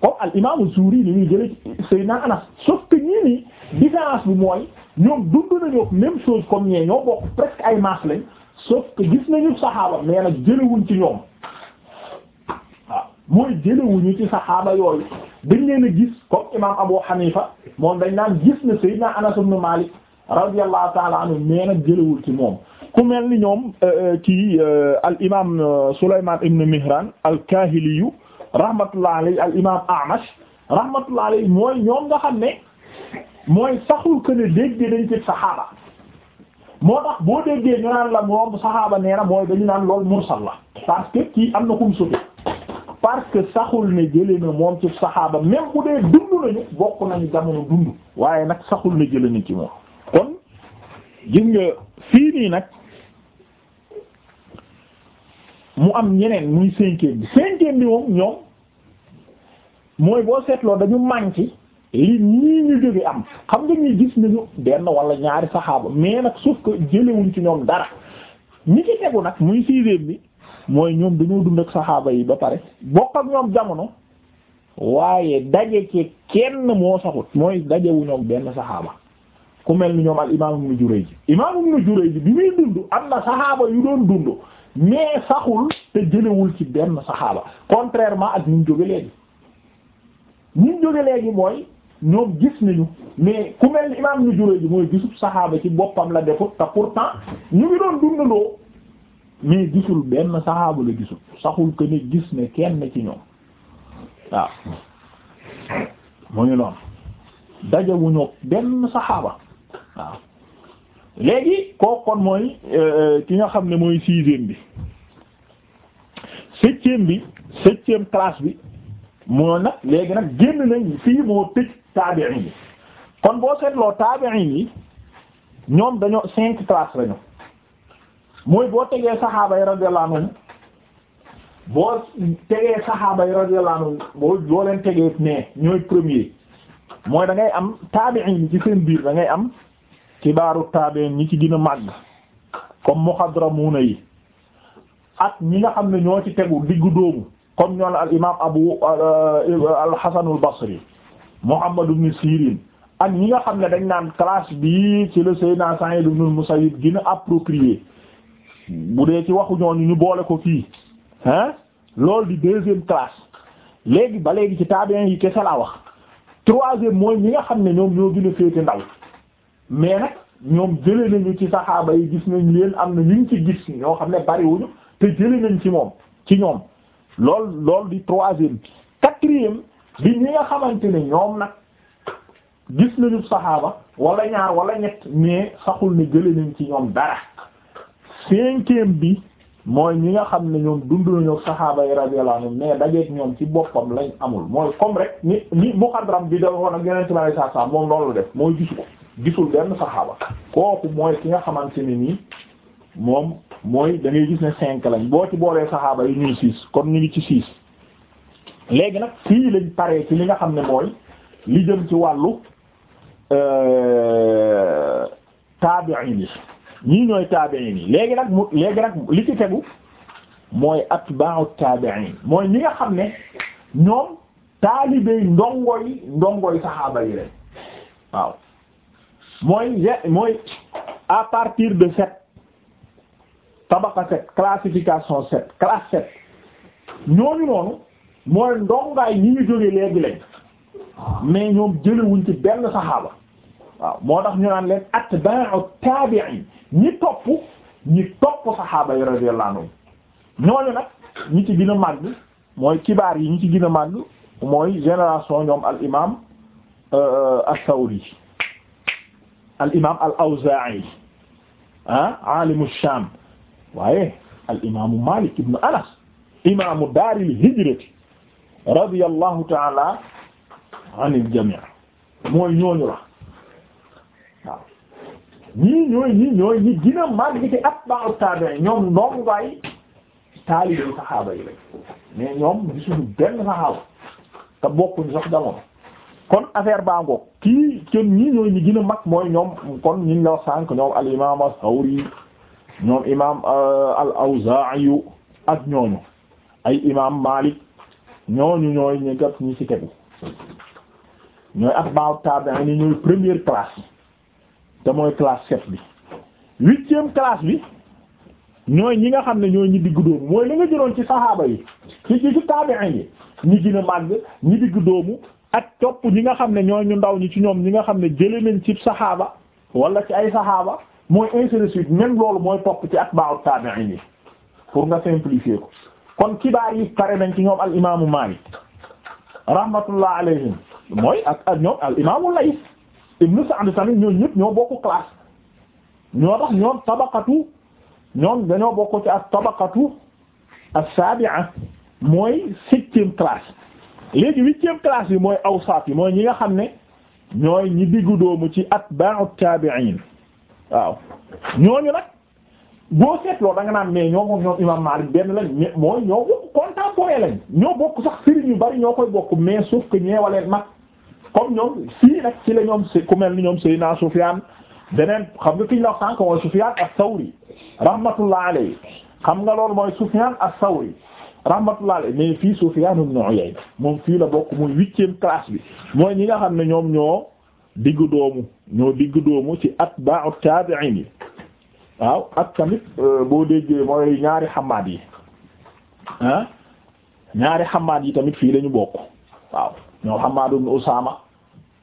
comme al imaamu Zuhri ni ñuy jële ci Seydina Anas sauf que ñii nii différence bi mooy ñoom dund nañoo même chose comme ñee ñoo bokk presque ay maas lañ sauf que gis nañu saxaaba mais nag jëlewuñ ci ñoom waaw mooy jëlewuñu ci saxaaba yooyu dañ leen a gis comme imaam Abu Hanifa moom dañ naan gis na Seydina Anas ibn Malik radiyallahu taala anhu mais nag jëlawul ci moom ku mel ni ñoom euh, euh, kii euh, al imaam Sulaymaan ibn Mihran al Kahiliyu rahmatullahi alayhi al imaam Amash rahmatullahi alayhi mooy ñoom nga xam ne mooy saxul que ne dégg dañ ci saxaaba moo tax boo déggee ñu naan la moom saxaaba nee na mooy dañu naan lool mursal la parce que kii am na kum suti parce que saxul ne jëlee moom ci saxaaba même bu dee nañu bokk nañu jamono dund waaye nag saxul ne jëlee na ci moom. kon gis nga fii nii nag mu am ñeneen muy cinquième bi cinquième bi moom ñoom mooy boo seetloo dañu manqué li ñii ñu jóge am xam nga ñuy gis nañu benn wala ñaari saxaaba mais nag sauf que jëlewuñ ci ñoom dara ñi ci tegu nag muy sixième bi mooy ñoom dañoo dund ak saxaaba yi ba pare bokk ak ñoom jamono waaye daje ci kenn moo saxut mooy dajewu ñoom benn saxaaba ku mel ni ñoom al imaam ji Jurayj imaam ibnu Jurayj bi muy dund am na saxaaba yu doon dund mais saxul te jëlewul ci benn saxaaba contrairement ak ñu jóge léegi ñu jóge léegi mooy ñoom gis nañu mais ku mel ni imaam ibnu Jurayj mooy gisub saxaaba ci boppam la defut te pourtant ñu ngi doon dundandoo mais gisul benn saxaaba la gisul saxul que ne gis ne kenn ci ñoom waaw mu ngi noonu dajewuñu benn saxaaba waaw léegi kooku kon mooy euh, ki nga xam ne mooy sixième bi septième bi septième classe bi moo nag léegi nag génn nañ fii moo tëj taabi'in yi kon boo seetloo taabi'in yi ñoom dañoo cinq classes lañu mooy boo tegee saxaaba yi radiyallahu anhum boo tegee saxaaba yi radiyallahu anhum boo boo leen tegee ne ñooy premier mooy da ngay am tabi yi ci seen biir da ngay am kibaaru taabeen ñi ci gën a màgg comme muxadramuna yi ak ñi nga xam ne ñoo ci tegu diggu dóomu comme ñoon al imaam abu euh, al hasanul basri muhammad ibn sirin ak ñi nga xam ne dañ naan classe bi ci le sayyidina sa'id ibn musayyib gën a approprié bu dee ci waxuñoo ñooñu ñu boole ko fii hein loolu di deuxième classe léegi ba léegi ci taabeen yi kese laa wax troisième mooy ñi nga xam ne ñoom ñoo gën a féete ndaw mais nag ñoom jëlee nañu ci saxaaba yi gis nañ leen am na ñu ci gis ñoo xam ne bariwuñu te jëlee nañ ci moom ci ñoom lool lool di troisième quatrième bi ñi nga xamante ne ñoom nag gis nañu saxaaba wala ñaar wala ñett mais saxul ne jële nañ ci ñoom dara cinquième bi mooy ñi nga xam ne ñoom dund nañu saxaaba yi radiyallahu anhum mais dajeeg ñoom ci boppam lañ amul mooy comme rek ni ni muxadram bi dafa woon ak yeneen ci ma lay saa saa moom loolu def mooy gisu gisul benn saxaaba kooku mooy ki nga xamante ne nii moom mooy da ngay gis ne cinq lañ boo ci boolee saxaaba yi ñuy six kon ñu ngi ci six léegi nag fii lañ pare ci li nga xam ne mooy li jëm ci wàllu euh, taabi'in yi ñii ñooy taabi'in yi léegi nag mu léegi nag li ci tegu mooy atba'u taabi'in mooy ñi nga xam ne ñoom taalibey ndongoy ndongoy saxaaba yi lañ waaw mooy mooy à partir de sept tabaqa sept classification sept classe sept ñooñu noonu mooy ndongaay ñi ñu jógee léegi lañ mais ñoom jëlawuñ ci benn saxaaba waaw moo tax ñu naan leen atba'u tabi'in ñi topp ñi topp saxaaba yi radiyallahu anhum ñooñu nag ñi ci gën a màgg mooy kibaar yi ñi ci gën a màgg mooy génération ñoom al imam euh, euh, as-Sawri al imaam al awzaa'i ah aalimu shaam waaye al imaamu Maalik ibn Anas imaamu daaril hijrati radiyallahu ta'ala anil jamii mooy ñooñu la waaw ñii ñooy ñii ñooy ñi gina màgg ci atba'u taabi'iin ñoom noom waay taalibe saxaaba yi lañ mais ñoom gisuñu benn saxaaba te bokkuñ sax jamono kon affaire baa ngoog kii kenn ñi ñooy ñi gën a mag mooy ñoom kon ñi la sànk ñoom al imam as-Sawri ñoom imam euh, al-Awza'i ak ñooñu ay imam Malik ñooñu ñooy ñi ñi ci tegu ñooy atba'u tabi'in ñooy première classe te mooy classe sept bi huitième classe bi ñooy ñi nga xam ne ñooy ñi diggu doomu mooy li nga jëloon ci saxaaba yi ci ci ci tabi'in yi ñi gën a màgg ñi diggu doomu ak topp ñi nga xam ne ñooy ñu ndaw ñi ci ñoom ñi nga xam ne jëlee nañ ci saxaaba wala ci ay saxaaba mooy ainsi de loolu mooy topp ci atba'u tabi'in yi pour nga simplifier ko kon kibaar yi pare nañ ci ñoom al imaamu Maalik rahmatullah alayhim mooy ak ak ñoom al imaamu Layth ibn Sa'd tamit ñoo ñëpp ñoo bokku classe ñoo tax ñoom tabaqatu ñoom dañoo bokk ci ak tabaqatu as-sabi'a mooy septième classe léegi huitième classe yi mooy awsaat yi mooy ñi nga xam ne ñooy ñi diggu doomu ci atba'u tabi'in waaw ñooñu nag boo seetloo da nga naan mais ñoo ko ñoom imam Malik benn lañ mooy ñoo bokk contemporain lañ ñoo bokk sax sëriñ yu bari ñoo koy bokk mais sauf que ñeewaleen mag comme ñoom fii nag ci la ñoom si ku mel ni ñoom Seydina Sufyaan beneen xam nga kiñ la sànk mooy Sufyaan as-Sawri rahmatullah alayhi xam nga loolu mooy Sufyaan as-Sawri rahmatullah alayhi mais fii Sufyan ibn Uyayna moom fii la bokk muy huitième classe bi mooy ñi nga xam ne ñoom ñoo diggu doomu ñoo diggu doomu ci atba'u tabi'in yi waaw ak tamit euh, boo déggee mooy ñaari xamaat yi ah ñaari xamaat yi tamit fii lañu bokk waaw ñoo Hammaad ibn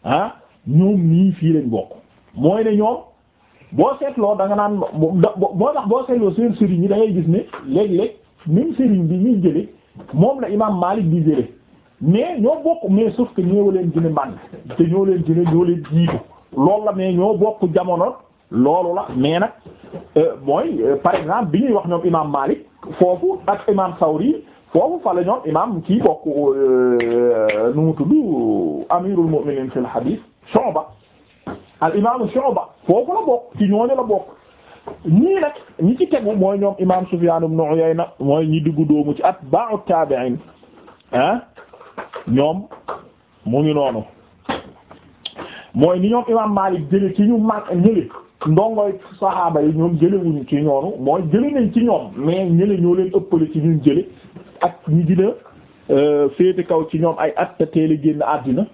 ah ñoom nii fii lañ bokk mooy ne ñoom boo seetloo da nga naan moo tax boo seetloo seen sëriñ yi da gis ni léeg-léeg même sëriñ bi ñuy jële moom la imam Malik bi jële mais ñoo bokk mais sauf que ñoo leen gën a te ñoo leen gën a ñoo leen jiitu loolu la mais ñoo bokk jamono loolu la mais nag euh, mooy euh, par exemple bi ñuy wax ñoom imam Malik foofu ak imam Sawri foofu fa la ñoom imam kii bokk euh, nu mu tudd amirul mu'minin fil hadith Shu'ba al imam Shu'ba foofu la bokk ci ñooñu la bokk ñii nag ñi ci tegu mooy ñoom imam Sufyan ibn Uyayna mooy ñi diggu dóomu ci atba'u tabi'in ah ñoom mu ngi noonu mooy ni ñoom imam Malik jële ci ñu mag ñële ndongoy saxaaba yi ñoom jëlewuñu ci ñoonu mooy jële nañ ci ñoom mais ñële ñoo leen ëppale ci ñun jële ak ñi gën a euh, féete kaw ci ñoom ay atta teele génn àddina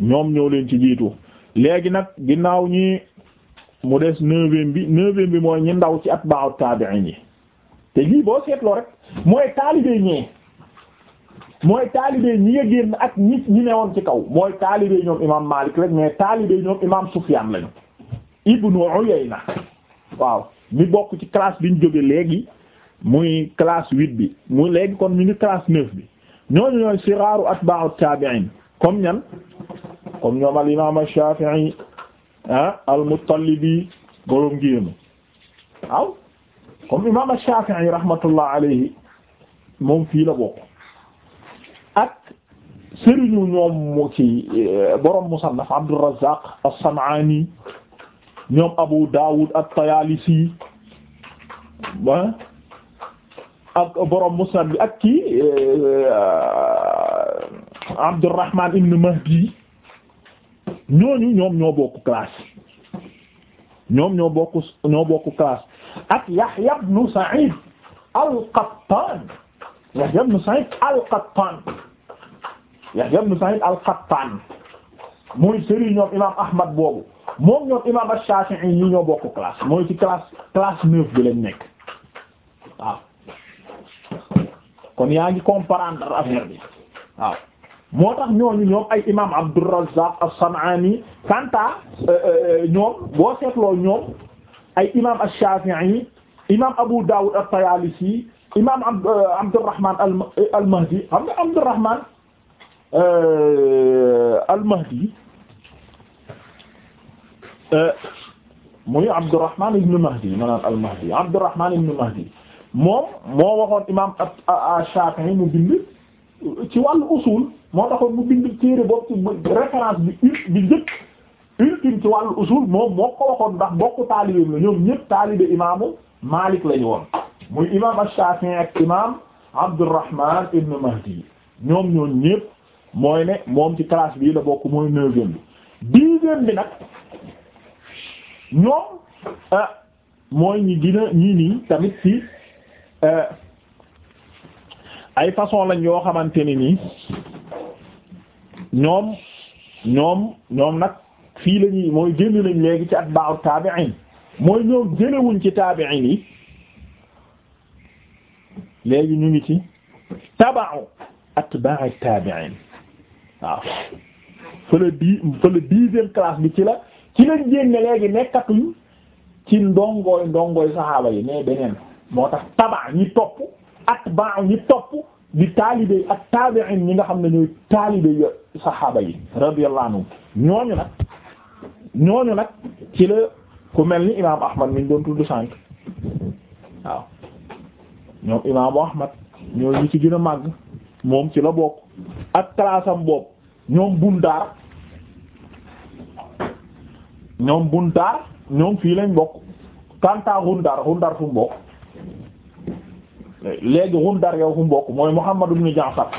ñoom ñoo leen ci jiitu léegi nag ginnaaw ñi mu des neuvième bi neuvième bi mooy ñi ndaw ci atba'u tabi'in yi te lii boo seetloo rek mooy taalibee ñee mooy taalibee ñi nga génn ak ñi ñi newoon ci kaw mooy taalibee ñoom imam Malik rek mais taalibee ñoom imam Sufyan lañu ibnu Uyayna waaw mi bokk ci classe bi ñu jóge léegi muy classe huit bi mu léegi kon ñu ngi classe neuf bi ñooñu ñooy siraaru atba'u tabi'in comme ñan comme ñoom al imam Shafi'i ah al-Muttalibi borom ngéemu waaw comme imam Shafi'i rahmatullah alayhi moom fii la bokk ak sëriñu ñoom mu ci eh, borom musannaf Abdur Razzaq as-San'ani ñoom Abu Dawud at-Tayalisi ah ak borom musnad bi ak kii eh, eh, Abdurrahman ibn Mahdi ñooñu ñoom ñoo bokk classe ñoom ñoo bokk ñoo bokk classe ak Yahya ibn Sa'id al-Qattan Yahya ibn Sa'id al-Qattan mooy sëriñ ñoom imam Ahmad boobu moom ñoom imam Ash-Shafi'i ñoo bokk classe mooy ci neuf bi nekk waaw kon yaa ngi comprendre affaire moo tax ñooñu ñoom ay imam Abdurrazzaq as-San'ani kanta euh, euh, ñoom boo seetloo ñoom ay imam ash-Shafi'i imam Abu Dawud at-Tayalisi imam euh, Abdurrahman al-Mahdi muy Abdurrahman ibn Mahdi moom moo waxoon imam ash-Shafi'i mu bind ci wàllu usul moo taxoon mu bind téere boobu ci référence bi u bi njëkk ultime usul moom moo ko waxoon ndax bokku taalibeem la ñoom ñëpp taalibe imaamu Maalik lañu woon muy imaam Ash-Shafi'i ak imaam Abdurrahman ibn Mahdi ñoom ñoo ñëpp mooy ne moom ci classe bii la bokk mooy neuvième bi dixième bi nag ñoom ah mooy ñi gën a nii tamit ci euh, ay façon lañ yoo xamante ni nii ñoom ñoom ñoom nag fii la ñuy mooy génn nañ léegi ci at atba'u taabi'in mooy ñoom jëlewuñ ci taabi'in yi léegi ñu ngi ci taba'u atba'u taabi'in waaw fële di fële dixième classe bi ci la ci lañ génne léegi nekkatuñ ci ndongooy ndongooy saxaaba yi mais beneen moo tax taba ñi topp atba'u ñi topp di taalibe ak taabi'in ñi nga xam ne ñooy taalibe saxaaba yi radiyallahu ñooñu nag ñooñu nag ci la ku mel ni imaam Ahmad mi ñu doon tudd sànq waaw ñoom imaamu Ahmad ñooñu ci gën a màgg moom ci la bokk ak classam boobu ñoom Bundaar ñoom Bundaar ñoom fii lañ bokk Kanta Gundar Gundar fu bokk. léegi Gundar yow fu mbokk mooy Muhammad ibn Ja'far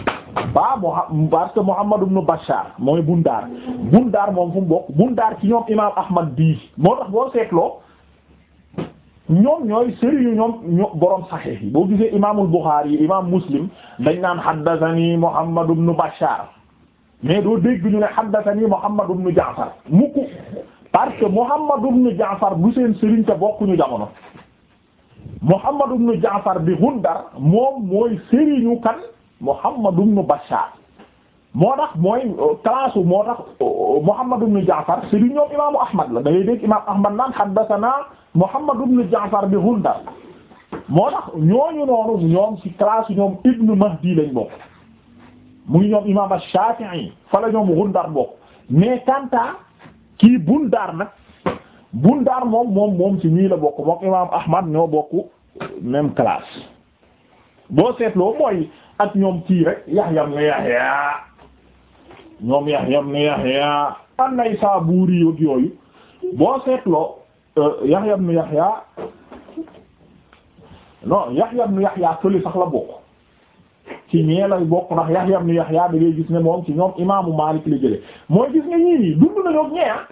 ba Muhammad parce que Muhammad ibn Bashar mooy Bundar Bundar moom fu mbokk Bundar ci ñoom imaam Ahmad bii moo tax boo seetloo ñoom ñooy sëriñu ñoom ñoom borom saxiix yi boo gisee imaamul Buxaari yi imaam Muslim dañ naan haddathani Muhammad ibn Bashar mais doo dégg ñu ne haddathani Muhammad ibn Ja'far mukk parce que Muhammad ibn Ja'far bu seen sëriñ te bokkuñu jamono Muhammad ibn Jaafar bi Gundar moom mooy sëriñu kan Muhammad ibn Bashar moo tax mooy euh, classe moo tax euh, euh, Muhammad ibn Jaafar sëriñ ñoom imaamu Ahmad la da ngay dégg imaam Ahmad naan haddasanaa Muhammad ibn Jaafar bi Gundar moo tax ñooñu noonu ñoom ci classe ñoom Ibn Mahdi lañ bokk muy ñoom imaam Shaafi'i fa la ñoom Gundar bokk mais Kanta kii Bundar nag. bundaar moom moom moom ci ñii la bokk moom imaam Ahmad ñoo bokk même classe boo seetloo mooy ak ñoom kii rek Yahya ibn Yahya ñoom Yahya ibn Yahya an-Naysaburi yóg yooyu boo seetloo euh, Yahya ibn Yahya non Yahya ibn Yahya fële sax la bokk ci ñee la bokk ndax Yahya ibn Yahya da gis ne moom ci ñoom imaamu Maalik la jële mooy gis nga ñii dund nañoo ñee ah.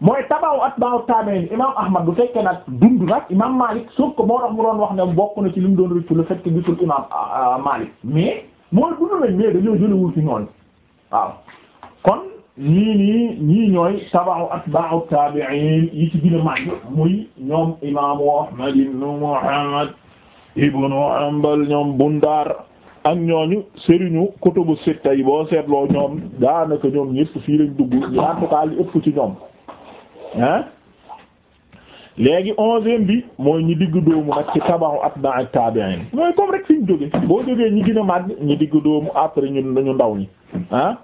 mooy tabaw atba'u tabi'in imam ahmad bu fekkee nag dund nag imam malik sauf que moo tax mu doon wax ne bokk na ci li mu doon rëccu le fait que gisul imam euh, euh, malik mais mooy dund nañ mais dañoo jëlewul ci ñooñ waaw kon ñii nii ñii ñooy tabaw atba'u tabi'in yi ci gën a màgg muy ñoom imam ahmad ibn muhammad ibn hanbal ñoom bundaar ak ñooñu sëriñu kutubu sitta yi boo seetloo ñoom daanaka ñoom ñëpp fii lañ dugg en tout cas li ëpp ci ñoom ah léegi onzième bi mooy ñi diggu dóomu nag ci tabaxu atbaa tabi'in mooy comme rek fiñ jóge boo jógee ñi gën a màgg ñi diggu dóomu après ñun ñu ndaw ñi ah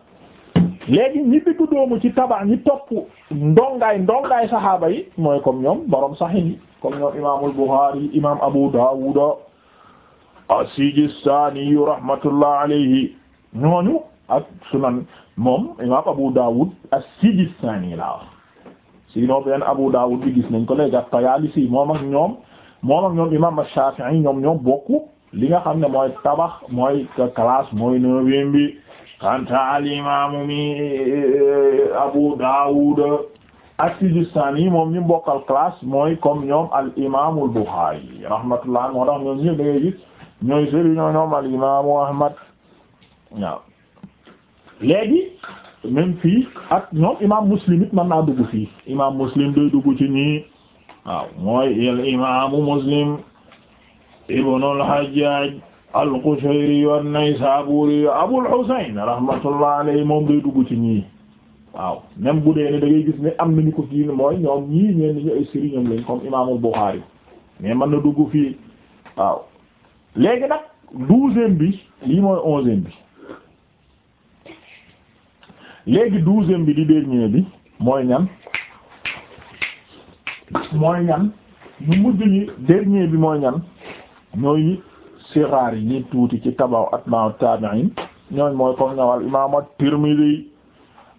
léegi ñi diggu dóomu ci tabax ñi topp ndongaay ndongaay saxaaba yi mooy comme ñoom borom saxin yi comme ñoom imaamul imaam Abu Dawud as-Sijistani rahmatullah alayhi ñooñu ak sunan moom imaam Abu Dawud as-Sijistani laa wax sinon benn Abu Dawud bi gis nañ ko léegi ak Tayaalisi moom ak ñoom moom ak ñoom imam Shafi'i ñoom ñoom bokku li nga xam ne mooy tabax mooy classe mooy neuvième bi kanta al imaamu mi Abu Dawud as-Sijistani moom ñu bokkal classe mooy comme ñoom al imaamul Bukhari rahmatullah moo tax ñoom ñi même fii ak ñoom imam muslim it mën naa dugg fii imam muslim day dugg ci ñii waaw mooy el imamu muslim ibnu al-Hajjaj al-Qushayri an-Naysaburi Abul Husayn rahmatullah alayhi moom day dugg ci ñii waaw même bu dee ne gis ni am nañu ko fii mooy ñoom ñii ñeen ni ñu ay sëriñam lañ comme imamul Bukhari mais man na dugg fii waaw léegi nag douzième bi lii mooy onzième bi léegi douzième bi di dernier bi mooy ñan mooy ñan ñu mujj ñi dernier bi mooy ñan ñooy siraar yi ñi tuuti ci tabaw atba'u tabi'in ñooñ mooy comme ñow al imam at-Tirmidhi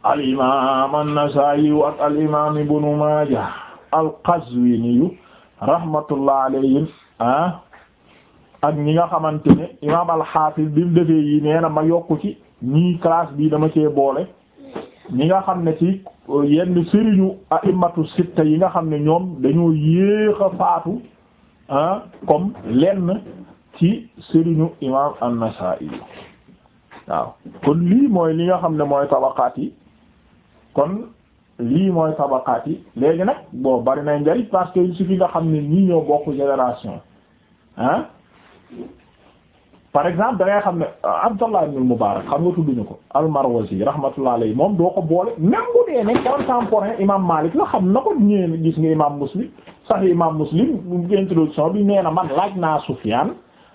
al imam an-Nasa'i ak al imam ibn Majah al-Qazwini rahmatullah alayhim ah ak ñi nga xamante ne imam al-Hafiz bi mu defee yi nee ma yokk ci ñii classe bi dama cee boole ñi nga xam ne ci euh, yenn sëriñu a'immatu sitta yi nga xam ne ñoom dañoo yéex faatu ah comme lenn ci sëriñu imam an-Nasa'i waaw kon lii mooy li nga xam ne mooy tabaqaat yi kon lii mooy tabaqaat yi léegi nag boo bari nay njariñ parce que il suffit nga xam ne ñii ñoo bokk génération ah par exemple da ngay xam ne euh, Abdallah ibn al-Mubarak xam nga tudduñu ko al-Marwazi rahmatullah alayhi moom doo ko boole même bu dee ne contemporain imam Malik la xam na ko ñeen gis nga imam Muslim sax imam Muslim introduction bi nee na man laaj naa Sufyan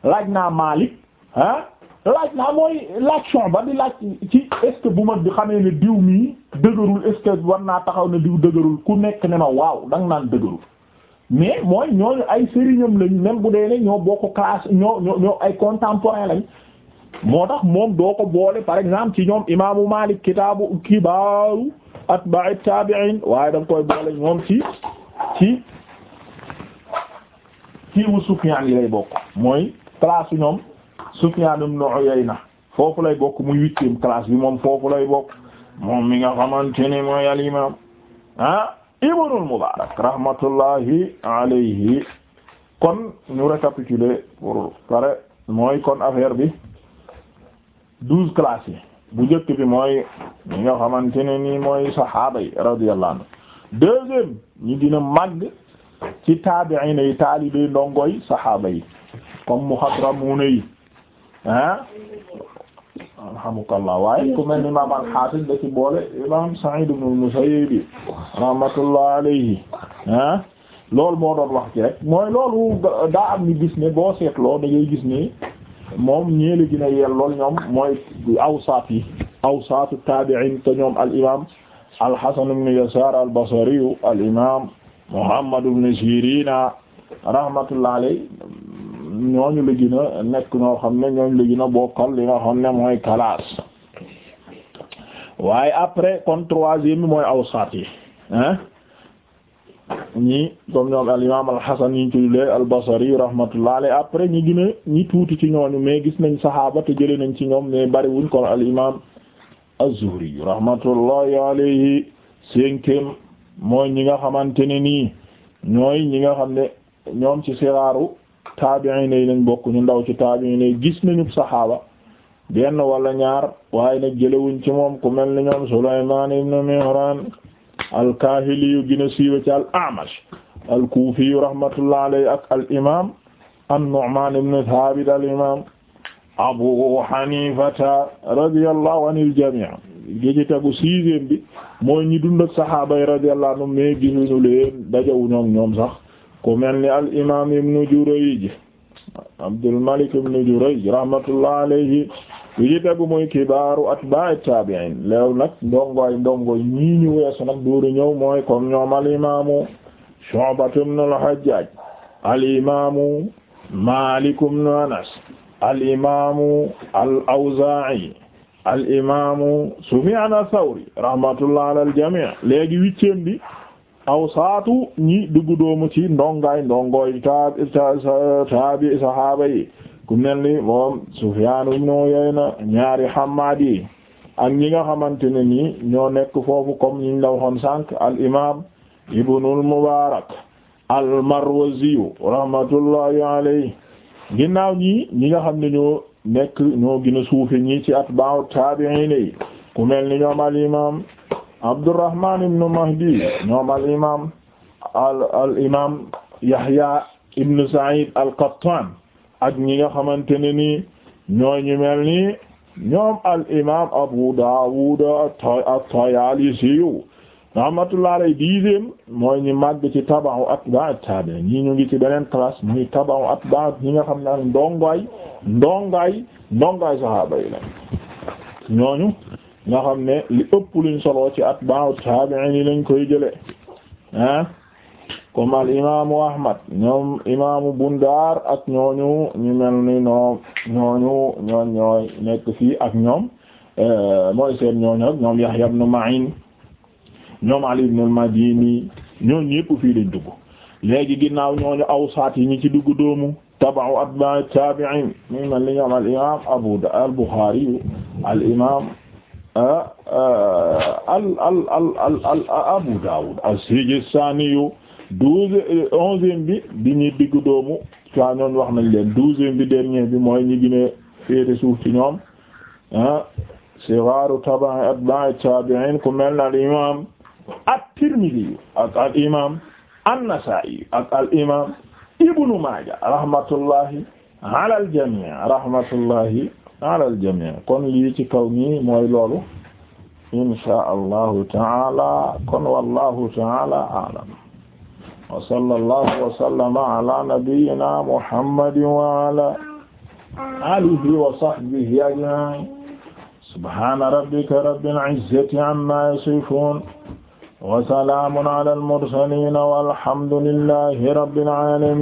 laaj naa Malik ah laaj naa mooy laaj Shu'ba di laaj ci est bu ma bi xamee ni diw mii dëgërul est war naa taxaw ne diw dëgërul ku nekk ne ma waaw danga naan dëgërul mais mooy ñooñu ay sëriñam lañ même bu dee ne ñoo bokk classe ñoo ñoo ñoo ay contemporain lañ moo tax moom doo ko boole par exemple ci ñoom imaamu Malik kitaabu kibaaru atba'i tabi'in waaye da nga koy boole ñoom ci ci ci wu Sufyaan yi lay bokk mooy classe ñoom Sufyaan ibn Uyayna foofu lay bokk mu huitième classe bi moom foofu lay bokk moom mi nga xamante ne mooy al imaam ah ibnul Mubaarak rahmatullahi alayhi kon ñu récapituler pour pare mooy kon affaire bi douze classes bu njëkk bi mooy ñi nga xamante ne nii mooy sahaaba yi radiyallahu anhu deuxième ñi dina màgg ci taabi'in yi taalibe ndongoy sahaaba yi comme muxadramuuna yi ah, alhamdulillah waaye ku mel ni imaam al-Hafiz da ci boole imaam Sa'id ibn al-Musayyib rahmatullah alayhi ah loolu moo doon wax ci rek mooy loolu daa am ñu gis ne boo seetloo da ngay gis ne moom ñeeli dina yeel lool ñoom mooy awsaat yi awsaatu taabi'in te ñoom al imaam al-Hasan ibn Yasar al-Basri al imaam Muhammad ibn Sirina rahmatullah alayhi ñooñu la gën a nekk ñoo xam ne ñooñu la gën a bokkal li nga xam ne mooy classe waaye après kon troisième bi mooy awsaat yi ah ñi comme ñoom al imam al hasan ñu tuddee al basri rahmatullah après ñi gën ñi tuuti ci ñooñu mais gis nañ saxaaba te jëlee nañ ci ñoom mais bariwuñ kon al imam az-zuhri rahmatullahi alayhi cinquième mooy ñi nga xamante ne nii ñooy ñi nga xam ne ñoom ci siraaru taabi'in yi lañ bokk ñu ndaw ci taabi'in yi gis nañu saxaaba benn wala ñaar waaye nag jëlewuñ ci moom ku mel ni ñoom Sulaymaan ibn Mihraan al-Kaahili yu gën a siiwe ci al-A'mash al-Kuufi rahmatullah alayhi ak al-imaam an-Nu'maan ibn Thaabit al-imaam Abu Haniifata radiyallahu anil jamii' gi ci tegu sixième bi mooy ñi dund ak saxaaba yi radiyallahu anhum mais gisuñu leen dajawuñu ak ñoom sax ku mel ni al imaam ibnu Jurayj Abdul Malik ibnu Jurayj rahmatullah alayhi yu ci tegu muy kibaaru atbaa'i taabi'iin leew nag ndongoy ndongoy ñii ñu weesu nag duuru ñëw mooy comme ñoom al imaamu Shu'batu ibnu al-Hajjaaj al imaamu Maalik ibnu Anas al imaamu al-Awzaa'i al imaamu Sufyaan ath-Thawri rahmatullah alal jamii' léegi huitième bi awsaatu ñi diggu doomu ci ndongaay ndongooy taa taabi sahaaba yi ku mel ni moom Sufyaan ibn Uyayna ñaari Hammaad yi ak ñi nga xamante ne nii ñoo nekk foofu kom ñi la waxoon sànq al imaam Ibnul Mubaarak al Marwazi rahmatullahi alayhi ginnaaw ñii ñi nga xam ne ñoo nekk ñoo gën a suufe ñii ci atba'u taabi'iin yi ku mel ni ñoom al imaam Abdurrahman ibn Mahdi ñoom al imaam al al imaam Yahya ibn Sa'id al-Qattan ak ñi nga xamante ne ni ñooy ñu mel ni ñoom al imaam Abu Dawud at-Tayalisi rahmatullah alayhi dixième mooy ñi màgg ci tabaxu atba'u tabi'in ñii ñu ngi ci beneen classe muy tabaxu atba'u ñi nga xam ne ndongaay ndongaay ndongaay saxaaba yi la ñooñu. nga xam ne li ëpp luñ solo ci atba'u tabi'in yi lañ koy jëlee ah comme al imaamu Ahmad ñoom imaamu Bundaar ak ñooñu ñu ñooñu ñooñ nekk fii ak ñoom eh, mooy seen ñooñu ak ñoom Yahya ibn Ma'in ñoom Ali ibn al-Madini ñooñu yëpp fii lañ dugg léegi ginnaaw ñooñu awsaat yi ñu ci dugg doomu tabaxu atba'u tabi'in ñu mel ni ñoom al imaam Abu al Bukhari al imaam. Ah, ah, al al Abu Dawud as-Sijistani douze euh, onzième bi di ñuy diggu doomu caa wax nañ leen douzième bi dernier mooy ñi gën a suuf ci ñoom ah sighaaru taba'i atbaa'i ku mel ne al imaam at-Tirmidhi al imaam an-Nasaa'i al imaam Ibnu Maaja rahmatullahi ala al jamii' rahmatullahi alal jamii kon lii ci kaw nii mooy loolu insha allahu taala kon wallahu taala a'lam wa sallallahu wa sallama ala nabiyyina muhammadin wa ala alihi wa sahbihi ajma'in subhana rabbika rabbil izzati amma yasifun wa salamun ala al mursalin walhamdulillahi rabbil alamin